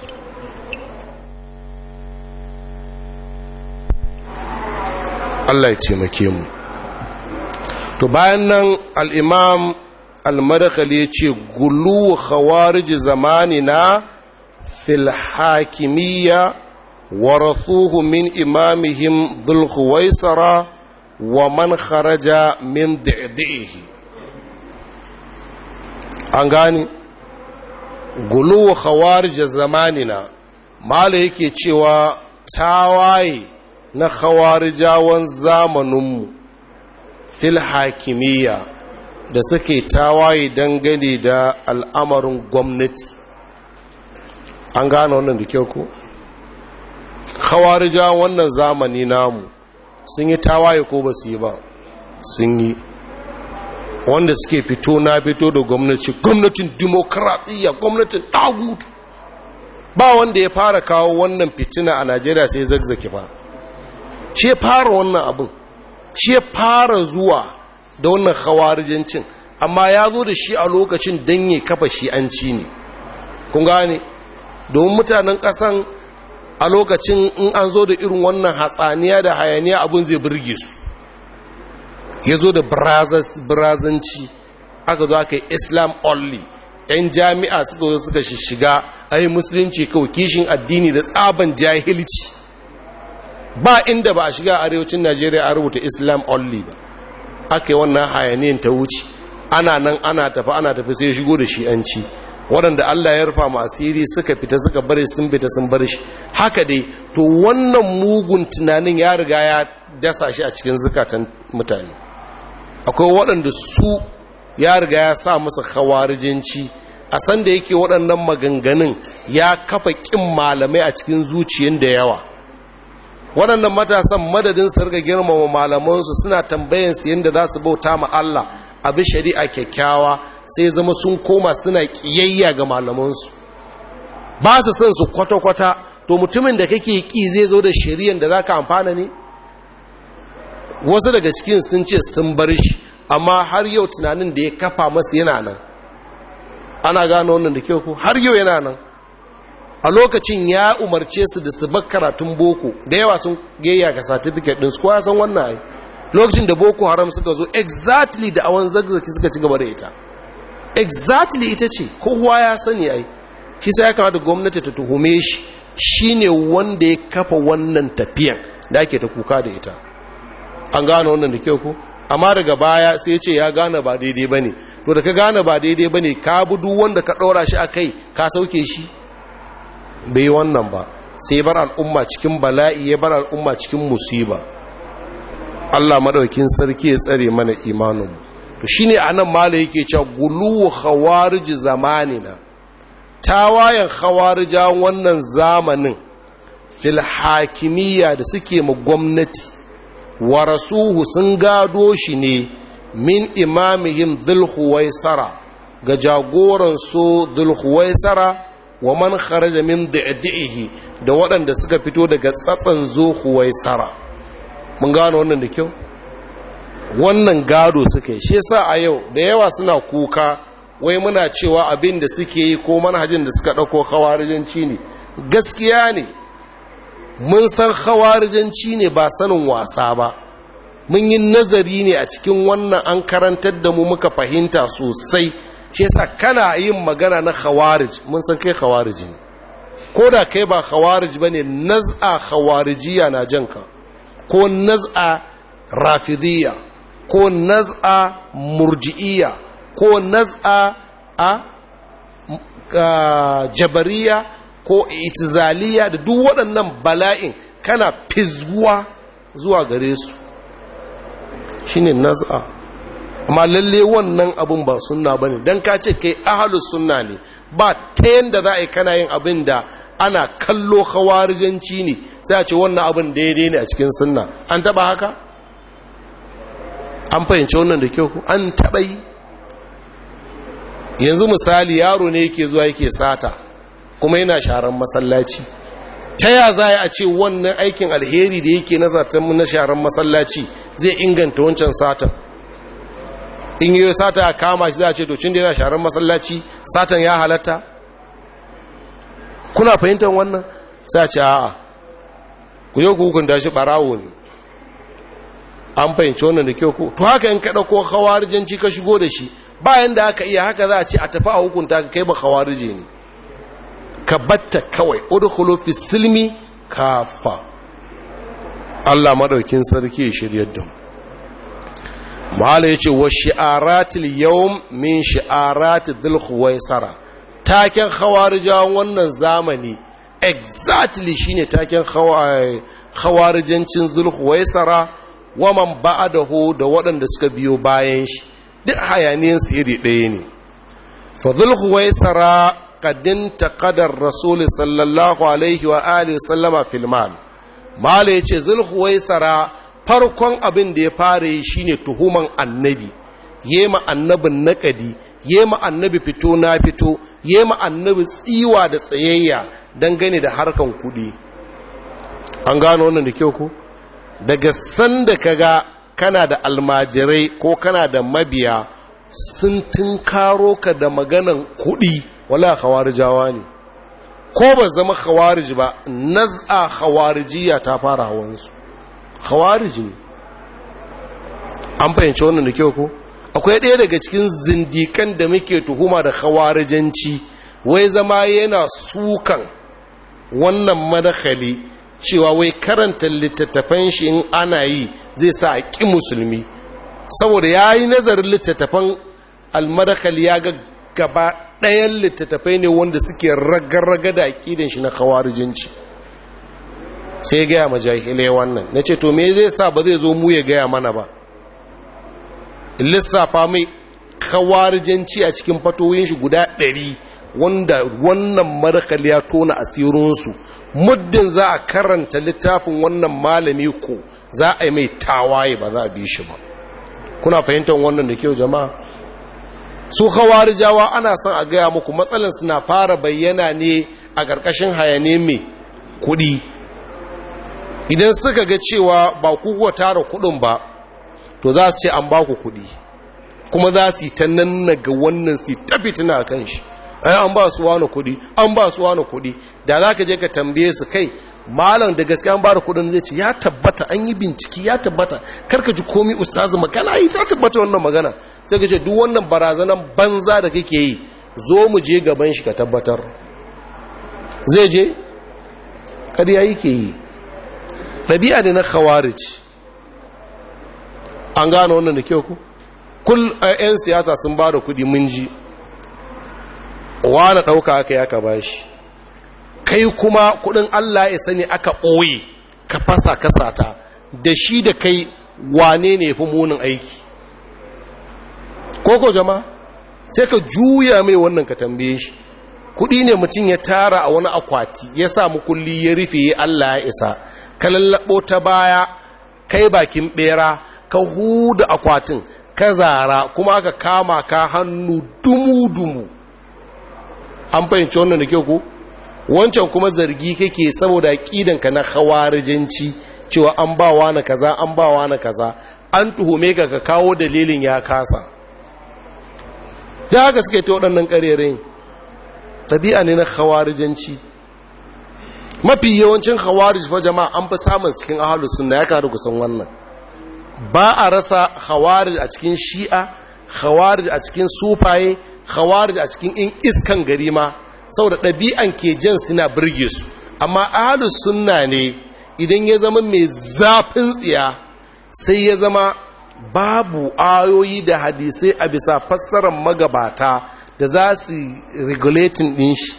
Allah ya taimake mu to bayan nan al-imam al-madakhali ya ce gulu khawarij zamanina fil hakimiyya warathuhu min imamihim dhul khuwaisara wa man kharaja min di'dihi an gane guluwa khawarij zamanina mala yake cewa tawaye na khawarijawan zamaninmu fil hakimiyya da suke tawaye dangane da al'amarin gwamnati an gane wannan da kyau ko khawarija wannan zamani namu sun yi tawaye ko ba su yi ba sun yi wanda suke fito na fito da gwamnati gwamnatin demokradiyya gwamnatin dagud ba wanda ya fara kawo wannan fitina a najeriya sai zagzaki ba shi fara wannan abin shi fara zuwa da wannan hawarijancin amma ya zo da shi a lokacin don yi kafa shi'anci ne kun gane domin mutanen kasan a lokacin in an zo da irin wannan hatsaniya da hayaniya abin zai birge su ya zo da birazanci aka zo aka yi islam only yan jami'a suka zo suka shiga ai musulunci kawai kishin addini da tsaban jahilci ba inda ba a shiga arewacin najeriya a rubuta islam only ba aka yi wannan hayaniyan ta wuce ana nan ana tafi ana tafi sai shigo da shi'anci waɗanda Allah ya rufa ma asiri suka fita suka bari sun fita sun bar shi haka dai to wannan mugun tunanin ya riga ya dasa shi a cikin zukatan mutane akwai waɗanda su ya riga ya sa musu hawarijinci a sanda yake waɗannan maganganun ya kafa ƙin malamai a cikin zuciyar da yawa waɗannan matasan madadin su riga girmama malamansu suna tambayansu yadda za su bauta ma Allah a bi shari'a kyakkyawa sai zama sun koma suna ƙiyayya ga malamansu ba su son su kwata-kwata to mutumin da kake ƙi zai zo da shari'ar da za ka amfana ne wasu daga cikin sun ce sun bar shi amma har yau tunanin da ya kafa masu yana nan ana gano wannan da kyau har yau yana nan a lokacin ya umarce su da su bar karatun boko da yawa sun gayya ga certificate din su kowa san wannan ai lokacin da boko haram suka zo exactly da awan zagzaki suka ci gaba da ita exactly ita ce kowa ya sani ai shi sai ya kamata gwamnati ta tuhume shi shine wanda ya kafa wannan tafiyan da ake ta kuka da ita an gane wannan da kyau ko amma daga baya sai ya ce ya gane ba daidai ba ne to da ka gane ba daidai ba ne ka bi duk wanda ka ɗora shi a kai ka sauke shi bai wannan ba sai bar al'umma cikin bala'i ya bar al'umma cikin musiba Allah maɗaukin sarki ya tsare mana imanin to shine anan mala yake cewa gulu khawarij zamanina tawayen khawarija wannan zamanin fil hakimiyya da suke ma gwamnati warasuhu sun gado shi ne min imamihim dhulhuwaisara ga jagoran jagoransu dhulhuwaisara wa man kharaja min di'dihi da waɗanda suka fito daga tsatsan zuhuwaisara mun gano wannan da kyau wannan gado suka yi shi sa a yau da yawa suna kuka wai muna cewa abin da suke yi ko manhajin da suka ɗauko kawarijanci ne gaskiya ne mun san hawarijanci ne ba sanin wasa ba mun yi nazari ne a cikin wannan an karantar da mu muka fahimta sosai shi yasa kana yin magana na hawarij mun san kai hawarij ne ko da kai ba hawarij ba ne naz'a hawarijiya na ka. ko naz'a rafidiyya ko naz'a murji'iyya ko naz'a a jabariya ko itizaliya da duk waɗannan bala'in kana fizuwa zuwa gare su ne naz'a amma lalle wannan abin ba sunna bane don ka ce kai ahalus sunna ne ba ta yadda za a yi kana yin abin da ana kallo khawarijanci ne sai a ce wannan abin daidai ne a cikin sunna an taba haka an fahimci wannan da kyau an taba yi yanzu misali yaro ne yake zuwa yake sata kuma yana sharan masallaci ta ya za a ce wannan aikin alheri da yake na zaton na sharan masallaci zai inganta wancan satan in yi sata a kama shi za a ce tocin da yana sharan masallaci satan ya halatta kuna fahimtar wannan sai a ce a'a ku yau hukunta shi barawo ne an fahimci wannan da kyau ko to haka yin ka ko kawarijanci ka shigo da shi bayan da aka iya haka za a ce a tafi a hukunta ka kai ba khawarije ne ka batta kawai udkhulu fi silmi kafa Allah madaukin sarki ya shirya da mu yace wa shi'aratil yawm min shi'arati dhil khuwaisara taken khawarijan wannan zamani exactly shine taken khawarijancin dhil khuwaisara wa man ba'a da waɗanda suka biyo bayan shi duk hayaniyansu iri ɗaya ne fa dhil khuwaisara kadin taqadar rasul sallallahu alaihi wa alihi sallama filman mala yace zulhuwaisara farkon abin da ya fara yi shine tuhuman annabi yema annabin nakadi yema annabi fito na fito yema annabi tsiwa da tsayayya dangane da harkan kudi an gano wannan da kyau ku daga sanda kaga kana da almajirai ko kana da mabiya sun tunkaro ka da maganan kuɗi wala khawarijawa ne ko ba zama ji ba naz'a khawarijiya ta fara hawansu ji ne an fahimci wannan da kyau ko akwai ɗaya daga cikin zindikan da muke tuhuma da khawarijanci wai zama yana sukan wannan manakali cewa wai karanta littattafan shi in ana yi zai sa a ƙi musulmi saboda ya yi nazarin littattafan almadakali ya ga gaba ɗayan littattafai ne wanda suke ragarraga da aƙidan shi na kawarijinci sai gaya ma wannan na ce to me zai sa ba zai zo mu ya gaya mana ba lissafa mai kawarijinci a cikin fatoyin shi guda ɗari wanda wannan marakal ya tona asirinsu muddin za a karanta littafin wannan malami ko za a yi mai tawaye ba za a bi shi ba kuna fahimtar wannan da kyau jama'a su khawarijawa ana son a gaya muku matsalan suna fara bayyana ne a ƙarƙashin hayane mai kuɗi idan suka ga cewa ba ku kuwa tara kuɗin ba to za su ce an ba ku kuɗi kuma za su yi ta nan ga wannan su ta fitina a shi an ba su wani kuɗi an ba su wani kuɗi da za ka je ka tambaye su kai malam da gaske an bada kudin zai ce ya tabbata an yi binciki ya tabbata karka ji komi ustazu makana yi ta tabbata wannan magana sai ka ce duk wannan barazanan banza da kake yi zo mu je gaban shi ka tabbatar zai je kariya ya yi Rabi'a ne na khawarij an gane wannan da kyau ku kul yan siyasa sun bada kudi mun ji wa na ɗauka aka yaka bashi kai kuma kudin Allah ya sani aka ɓoye ka fasa kasata da shi da kai wane ne fi munin aiki koko jama sai ka juya mai wannan ka tambaye shi kudi ne mutum ya tara a wani akwati ya samu kulli ya rufe Allah ya isa ka lallabo ta baya kai bakin bera ka huda akwatin ka zara kuma aka kama ka hannu dumu-dumu an fahimci wannan da ke ku wancan kuma zargi kake saboda aqidanka na khawarijanci cewa an ba wani kaza an ba wani kaza an tuhume ka ka kawo dalilin ya kasa da haka suke ta waɗannan ƙarerin tabi'a ne na khawarijanci mafi yawancin khawarij fa jama'a an fi samun cikin ahlus sunna ya kada kusan wannan ba a rasa khawarij a cikin shi'a khawarij a cikin sufaye khawarij a cikin in iskan gari ma saboda ɗabi'an ke jan suna birge su amma ahalus sunna ne idan ya zama mai zafin tsiya sai ya zama babu ayoyi da hadisai a bisa fassarar magabata da za su regulating din shi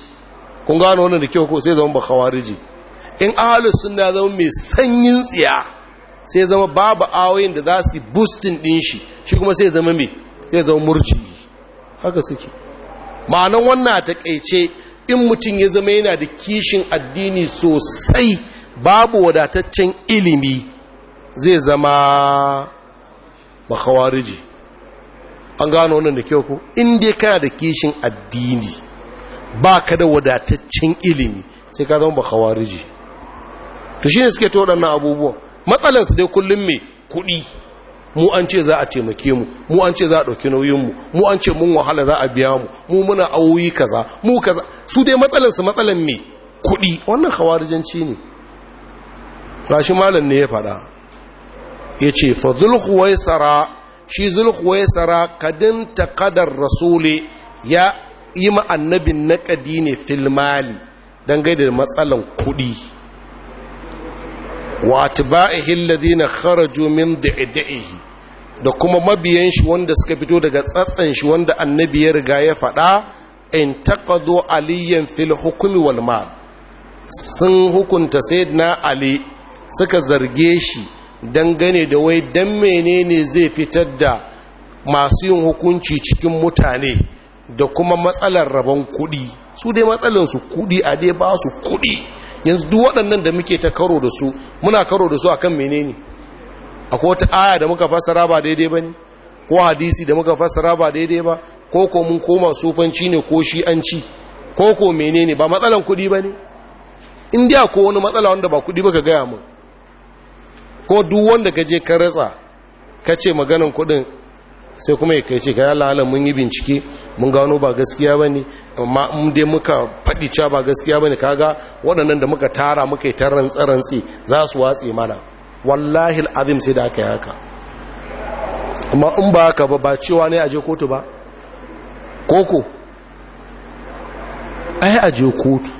kun gano wannan da kyau ko sai zama ba in ahalus sunna zama mai sanyin tsiya sai zama babu ayoyin da za su boosting din shi shi kuma sai zama mai sai zama murji haka suke ma'anan wannan takaice in mutum ya zama yana da kishin addini sosai babu wadataccen ilimi zai zama makawariji an gano wannan da kyau ko in dai kana da kishin addini ba ka da wadataccen ilimi sai ka zama makawariji to shi ne suke to waɗannan abubuwan matsalinsu dai kullum mai kuɗi mu an ce za a taimake mu mu an ce za a ɗauki nauyinmu mu an ce mun wahala za a biya mu mu muna awoyi kaza mu kaza su dai matsalansu matsalan me kuɗi wannan hawarijanci ne gashi malam ne ya faɗa ya ce fa zulhuwaisara shi zulhuwaisara kadin takadar rasuli ya yi ma annabin naƙadi ne mali dangane da matsalan kuɗi wa taba'ihi alladhina kharaju min da kuma mabiyan shi wanda suka fito daga tsatsan shi wanda annabi ya riga ya faɗa in taqadu aliyan fil hukmi wal mal sun hukunta sayyidina ali suka zarge shi dangane da wai dan menene zai fitar da masu yin hukunci cikin mutane da kuma matsalar rabon kuɗi su dai matsalar su kuɗi a dai ba su kuɗi yanzu duk waɗannan da muke ta karo da su muna karo da su akan menene akwai wata aya da muka fassara ba daidai ba ne ko hadisi da muka fassara ba daidai ba ko ko mun koma sufanci ne ko shi an ci ko ko menene ba matsalan kuɗi ba ne in ko wani matsala wanda ba kuɗi ba ka gaya mun ko duk wanda ka je ka ratsa ka ce maganan kuɗin sai kuma ya kai ce ka yalla halin mun yi bincike mun gano ba gaskiya ba ne amma in dai muka faɗi cewa ba gaskiya ba ne kaga waɗannan da muka tara muka yi ta rantsi za su watse mana wallahi al'azim sai da aka yi haka amma in ba haka ba ba cewa ne aje kotu ba koko ai aje kotu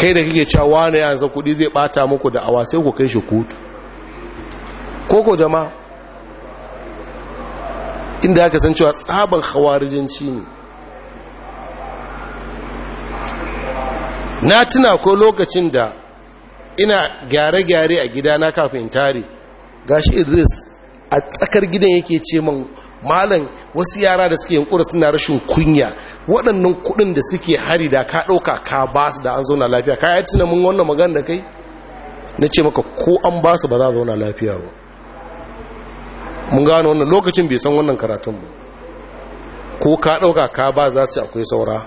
kai da kake cewa ne yanzu kuɗi zai ɓata muku da awa sai ku kai shi kotu koko jama'a inda aka san cewa tsaban ci ne na tuna ko lokacin da ina gyare-gyare a gidana kafin in tare gashi idris a tsakar gidan yake ce man malam wasu yara da suke yankura suna rashin kunya waɗannan kuɗin da suke hari da ka ɗauka ka ba su da an zauna lafiya ka yi tunanin wannan magana da kai na ce maka ko an ba su ba za a zauna lafiya ba mun gano wannan lokacin bai san wannan karatun ba ko ka ɗauka ka ba za su akwai saura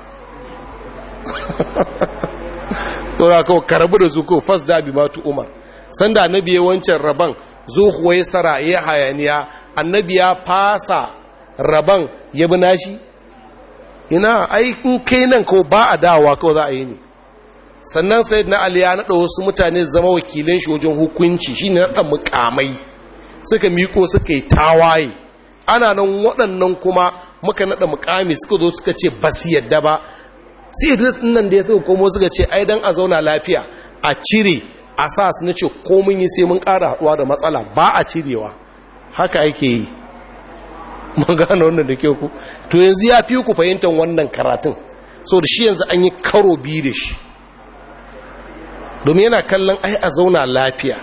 [LAUGHS] saura kawo karabu da su ko fas da matu umar sanda annabi ya wancan rabon zuhuwa wai sara ya hayaniya annabi ya fasa rabon ya bi nashi ina ai in kai nan ko ba a dawa kawai za a yi ne sannan sai na aliya ya naɗa wasu mutane zama wakilin shi wajen hukunci shi ne naɗa mukamai suka miko suka yi tawaye ana nan waɗannan kuma muka naɗa mukami suka zo suka ce ba su yadda ba sai idris nan da ya suka komo suka ce ai dan a zauna lafiya a cire a sa su na ce ko mun yi sai mun ƙara haɗuwa da matsala ba a cirewa haka ake yi [LAUGHS] mun gane wannan da ke ku to yanzu ya fi ku fahimtar wannan karatun so da shi yanzu an yi karo biyu da shi domin yana kallon ai a zauna lafiya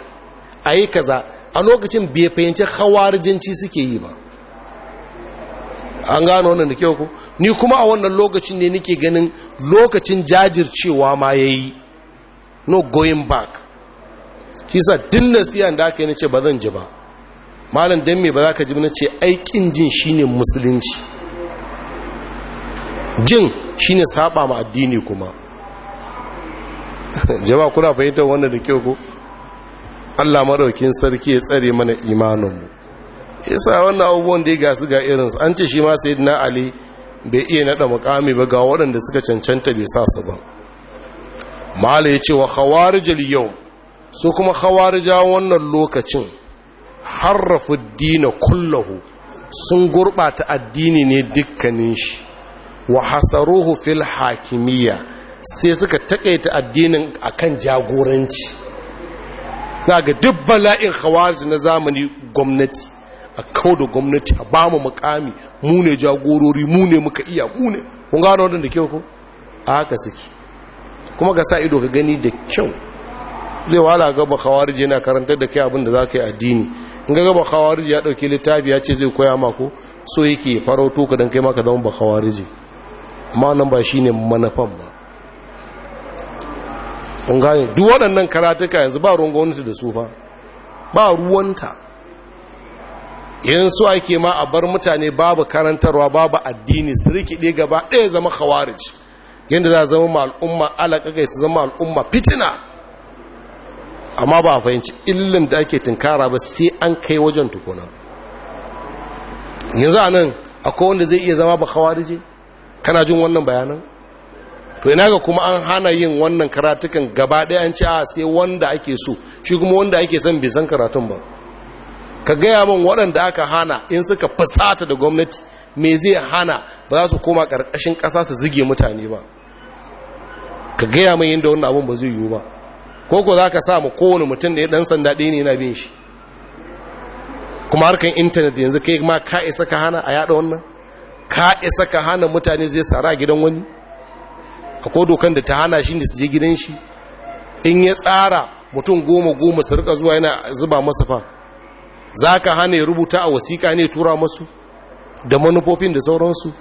a yi kaza a lokacin bai fahimci hawarjanci suke yi ba an gano wannan da kyau ku ni kuma a wannan lokacin ne nake ganin lokacin jajircewa ma ya yi no going back shi sa din nasiyan da aka yi na ce ba zan ji ba malam don me ba za ka ji na ce aikin jin shi ne musulunci jin ne saba ma addini kuma [LAUGHS] jama'a kuna fahimtar wannan da kyau ku Allah maraukin sarki ya tsare mana imaninmu yasa wannan abubuwan da ya gasu ga irinsu an ce shi ma sai na ali bai iya naɗa mukami ba ga waɗanda suka cancanta bai sa su ba mala ya ce wa khawarijal yau su kuma khawarija wannan lokacin harrafu dina kullahu sun gurɓata addini ne dukkanin shi wa hasaruhu fil hakimiyya sai suka taƙaita addinin akan jagoranci za ga duk bala'in khawarij na zamani gwamnati a kau da gwamnati a ba mu mukami mu ne jagorori mu ne muka iya mu ne kun gano wadanda kyau ko a haka suke kuma ka sa ido ka gani da kyau zai wala gaba khawarij yana karantar da kai abin da za ka yi addini in ga gaba khawarij ya dauke littafi ya ce zai koya ma ko so yake farauto ka dan kai ma ka zama ba khawarij amma nan ba shine manafan ba kun gane duk waɗannan karatuka yanzu ba ruwan gwamnati da su fa ba ruwanta yanzu ake ma a bar mutane babu karantarwa babu addini su rikide gaba ɗaya zama khawarij yadda za a zama ma al'umma alaƙaƙai su zama al'umma fitina amma ba a fahimci illin da ake tunkara ba sai an kai wajen tukuna yanzu a nan akwai wanda zai iya zama ba khawarij kana jin wannan bayanan to ina ga kuma an hana yin wannan karatukan gaba ɗaya an ce a ah, sai wanda ake so shi kuma wanda ake son bai san karatun ba ka gaya min waɗanda aka hana in suka fusata da gwamnati me zai hana ba za su koma ƙarƙashin ƙasa su zige mutane ba ka gaya min yadda wannan abin ba zai yiwu ba ko ko za ka sa mu kowane mutum da ya ɗan sanda ɗaya ne yana bin shi kuma harkar intanet yanzu kai ma ka isa ka hana a yaɗa wannan ka isa ka hana mutane zai sara gidan wani akwai dokan da ta hana shi da su je gidan shi in ya tsara mutum goma goma su rika zuwa yana zuba masa fa za ka hana ya rubuta a wasiƙa ne tura masu da manufofin da sauransu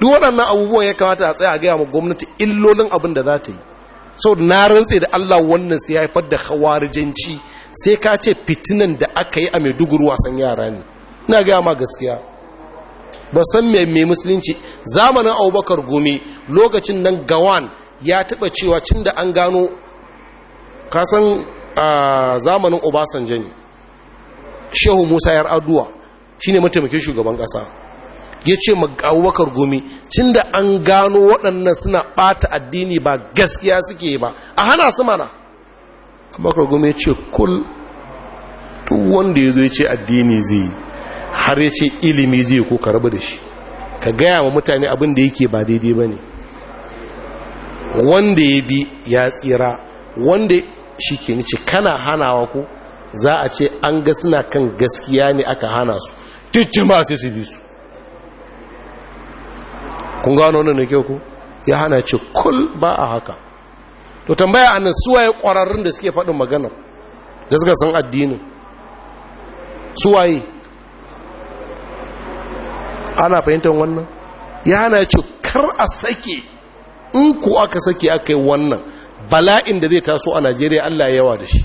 duk waɗannan abubuwan ya kamata a tsaye a gaya ma gwamnati illolin abin da za ta yi sau na rantse da allah wannan sai ya haifar da hawarijanci sai ka ce fitinan da aka yi a maiduguri wasan yara ne ina gaya ma gaskiya ba san mai musulunci zamanin abubakar gumi lokacin nan gawan ya taba cewa cin da an gano kasan zamanin obasanjo ne shehu musa yar aduwa shi ne mataimakin shugaban ƙasa ya ce abubakar gumi cin da an gano waɗannan suna ɓata addini ba gaskiya suke ba a hana su mana abubakar gumi ya ce kul duk wanda ya zo ya ce addini zai yi har ya ce ilimi zai ko ka rabu da shi ka gaya wa mutane abin da yake ba daidai ba ne wanda ya bi ya tsira wanda shi ke nice kana hanawa ko za a ce an ga suna kan gaskiya ne aka hana su duk ma sai su bi su kun gano wannan da kyau ku ya hana ce kul ba a haka to tambaya nan suwaye kwararrun da suke faɗin maganar da suka san addinin suwaye ana fahimtar wannan ya ya ce kar a sake in ku aka sake aka yi wannan bala'in da zai taso a najeriya allah yawa da shi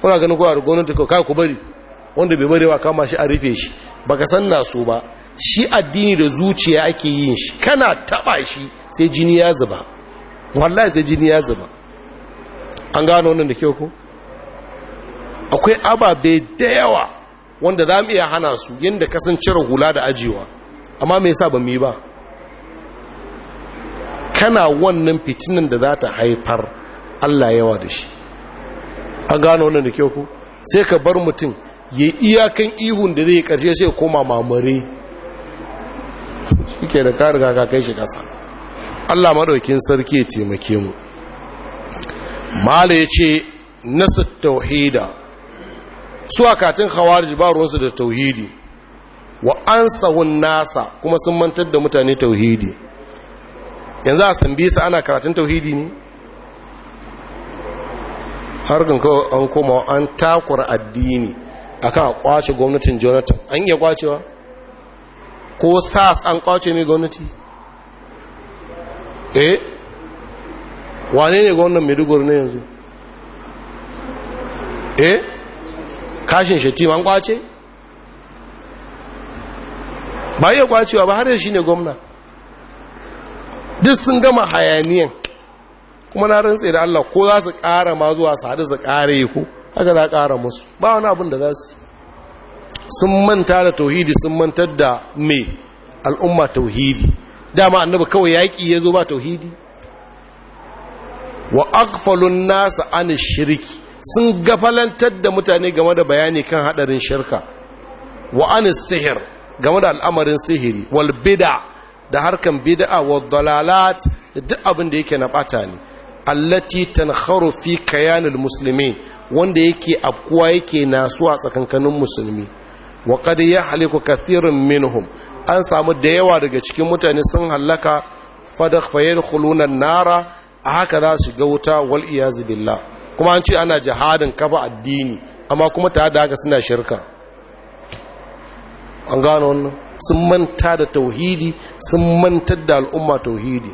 kuna ganin kowa da gwamnati kai ku bari wanda bai barewa kama shi a rufe shi baka san na ba shi addini da zuciya ake yin shi kana taba shi sai jini ya zuba wallahi sai jini ya zuba an gano wannan da kyau ko akwai ababe da yawa wanda za mu iya hana su yadda kasan cire hula da ajiyewa amma mai sa ba mu yi ba kana wannan fitinan da za ta haifar Allah yawa da shi an gano wannan da kyau ku sai ka bar mutum ya iyakan ihun da zai karshe sai koma mamare ke da ka ka kai shi kasa Allah madaukin sarki ya taimake mu mala ce nasu tauhida su akatin hawa ba ruwansu da tauhidi wa sahun nasa kuma sun mantar da mutane tauhidi yanzu a sambisa ana karatun tauhidi ne har ganka an koma an takura addini akan kwace gwamnatin jonathan an iya kwacewa ko sas an kwace mai gwamnati eh wane ne gwamnan maiduguri ne yanzu eh kashin shetima an kwace ba iya kwacewa ba har yashi shi ne gwamna duk sun gama hayaniyan kuma na rantse da Allah ko za su ƙara ma zuwa su haɗu su ƙare ko haka za ƙara musu ba wani abin da za su sun manta da tauhidi sun manta da mai al'umma tauhidi dama annabi kawai yaƙi ya zo ba tauhidi wa akfalun nasa an shirki sun gafalantar da mutane game da bayani kan haɗarin shirka wa an sihir game da al'amarin sihiri wal bid'a da harkan bid'a wa dalalat da duk abin da yake na bata ne allati tankharu fi kayanil muslimin wanda yake abkuwa yake nasuwa tsakankanin musulmi wa qad yahliku kathirun minhum an samu da yawa daga cikin mutane sun hallaka fadakh fayadkhuluna nara haka za su ga wuta wal iyaz billah kuma an ce ana jihadin kafa addini amma kuma ta da haka suna shirka an gano wannan sun manta da tauhidi sun mantar da al'umma tauhidi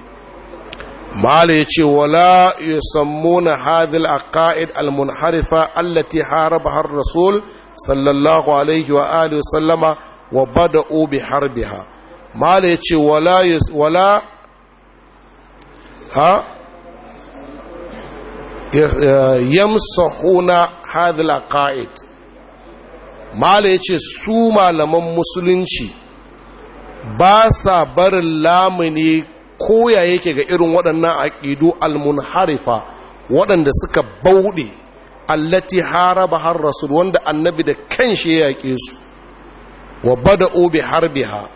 mala ya ce wala ya yusammuna hadhihi al-aqaid al-munharifa allati haraba har rasul sallallahu alaihi wa alihi wa sallama wa bada'u bi harbiha mala ya ce wala wala ha eh, yamsahuna hadhihi al-aqaid mala ya ce su malaman musulunci ba sa barin lamuni koya yake ga irin waɗannan aƙidu almunharifa waɗanda suka bauɗe allati haraba har rasul wanda annabi da kan shi ya yaƙe su wa bada obi harbiha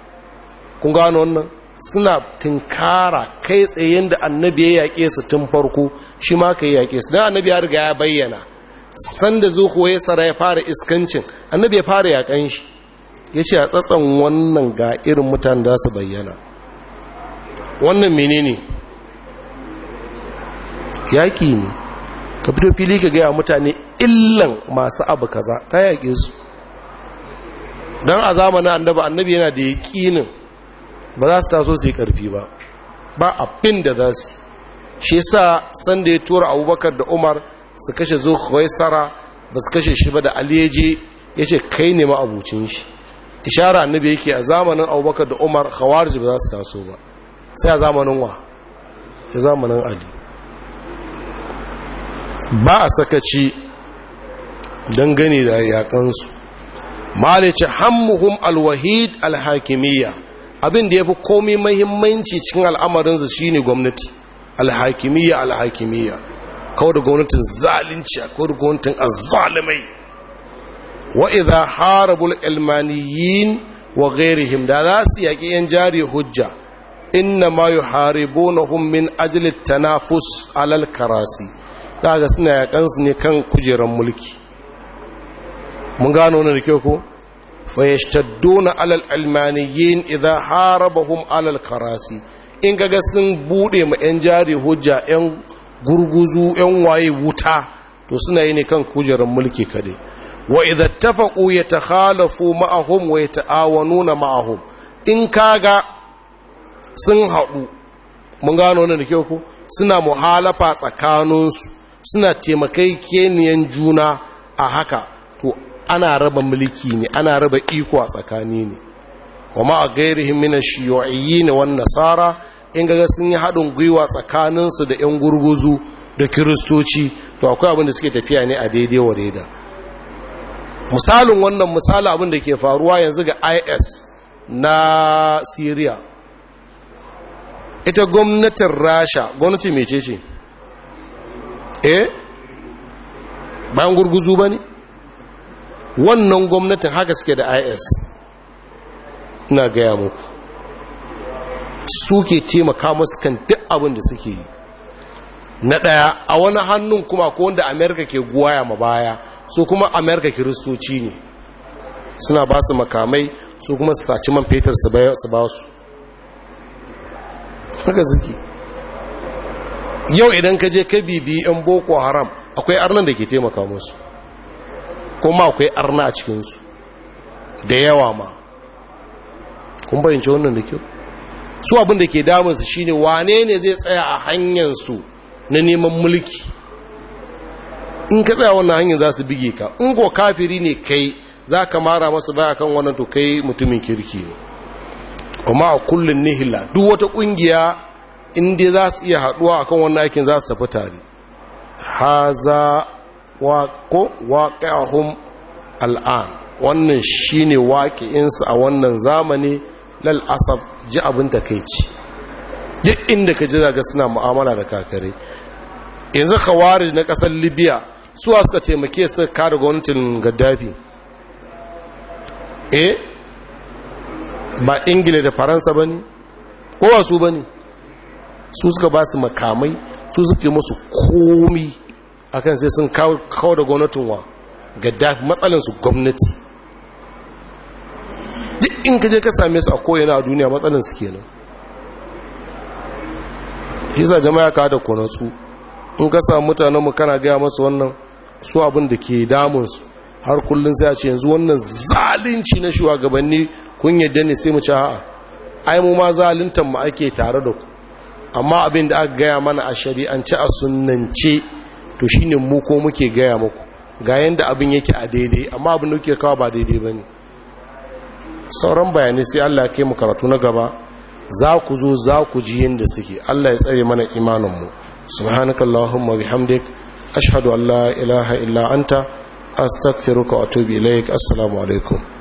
kun gano wannan suna tinkara kai tsaye da annabi ya yaƙe su tun farko shi ma ka yaƙe su don annabi ya riga ya bayyana sanda zo kuwa ya tsara ya fara iskancin annabi ya fara yakan shi ya ce a tsatsan wannan ga irin mutane za su bayyana wannan menene yaƙi ne ka fito fili ka gaya mutane illan masu abu kaza ka yaƙe su don a zamanin annabi annabi yana da yaƙinin ba za su taso su yi ƙarfi ba ba abin da za su shi sa sanda ya tura abubakar da umar su kashe zo kaisara ba su kashe shi ba da aliyaje ya ce kai ne ma shi ishara annabi yake a zamanin abubakar da umar khawarij ba za su taso ba sai a zamanin wa a zamanin ali ba a sakaci don gani da yakansu malice hammuhum alwahid alhakimiyya abin da ya fi komi mahimmanci cikin al'amarinsu shine gwamnati alhakimiyya alhakimiyya kawo da gwamnatin zalunci a kawo da gwamnatin azalimai wa idha harabul ilmaniyin wa ghairihim da za su yaƙi yan jari hujja inna ma yuharibunahum min ajli tanafus alal karasi kaga suna yaƙan su ne kan kujeran mulki mun gano wannan da kyau ko fa yashtadduna alal ilmaniyin idha harabahum alal karasi in kaga sun bude ma yan jari hujja yan gurguzu yan waye wuta to suna yi ne kan kujerar mulki kaɗai wa idza tafaqu yatakhalafu ma'ahum wa yata'awanuna ma'ahum in kaga sun haɗu mun gano wannan da kyau suna muhalafa tsakaninsu suna keniyan juna a haka to ana raba mulki ne ana raba iko a tsakani ne wa a gairihim min ash-shiyu'iyyin wan nasara in gaga sun yi haɗin gwiwa tsakaninsu da 'yan gurguzu da kiristoci to akwai abin da suke tafiya ne a daidai wa daida misalin wannan misali abin da ke faruwa yanzu ga is na syria ita gwamnatin rasha gwamnati mece ce eh bayan gurguzu ba ne wannan gwamnatin haka suke da is ina gaya muku suke taimaka masu kan duk abin da suke yi na ɗaya a wani hannun kuma ko wanda amerika ke guwaya ma baya su kuma amerika kiristoci ne suna ba su makamai su kuma su saci man fetur su ba su daga suke yau idan ka je ka bibi yan boko haram akwai arnan da ke taimaka musu kuma akwai arna a cikinsu da yawa ma kun bayyance wannan da kyau su abin da ke damunsu shine wane ne zai tsaya a hanyarsu na neman mulki in ka tsaya wannan hanyar za su bige ka in ko kafiri ne kai za ka mara masu baya kan wannan to kai mutumin kirki ne kuma a kullum nihila duk wata kungiya inda za su iya haduwa kan wannan aikin za su tafi tare haza wako waƙa'ahum al'an wannan shine waƙi'insu a wannan zamani lal asab ji abin da kai ci duk inda ka ji zaga suna mu'amala da kakare yanzu khawarij na kasar libya su suka taimake su da gwamnatin gaddafi eh ba ingila da faransa ba ne kowa su ba ne su suka ba su makamai su suke musu komi akan sai sun kawo da gwamnatin wa gaddafi matsalinsu gwamnati in ka je ka same su a koyana a duniya matsalin su kenan yasa jama'a ka da su in ka samu mutanen mu kana gaya masu wannan su abin da ke damun su har kullun sai a ce yanzu wannan zalunci na shugabanni kun yadda ne sai mu ci ha'a, ai mu ma zaluntan mu ake tare da ku amma abin da aka gaya mana a shari'ance a sunnance to shine mu ko muke gaya muku ga yanda abin yake a daidai amma abin da kawo ba daidai bane sauran bayanai sai Allah ya kai mu karatu na gaba za ku zo za ku ji yadda suke Allah ya tsare mana imaninmu subhanakallahumma bihamdik ashhadu an la ilaha illa anta astaghfiruka wa atubu ilaik assalamu alaikum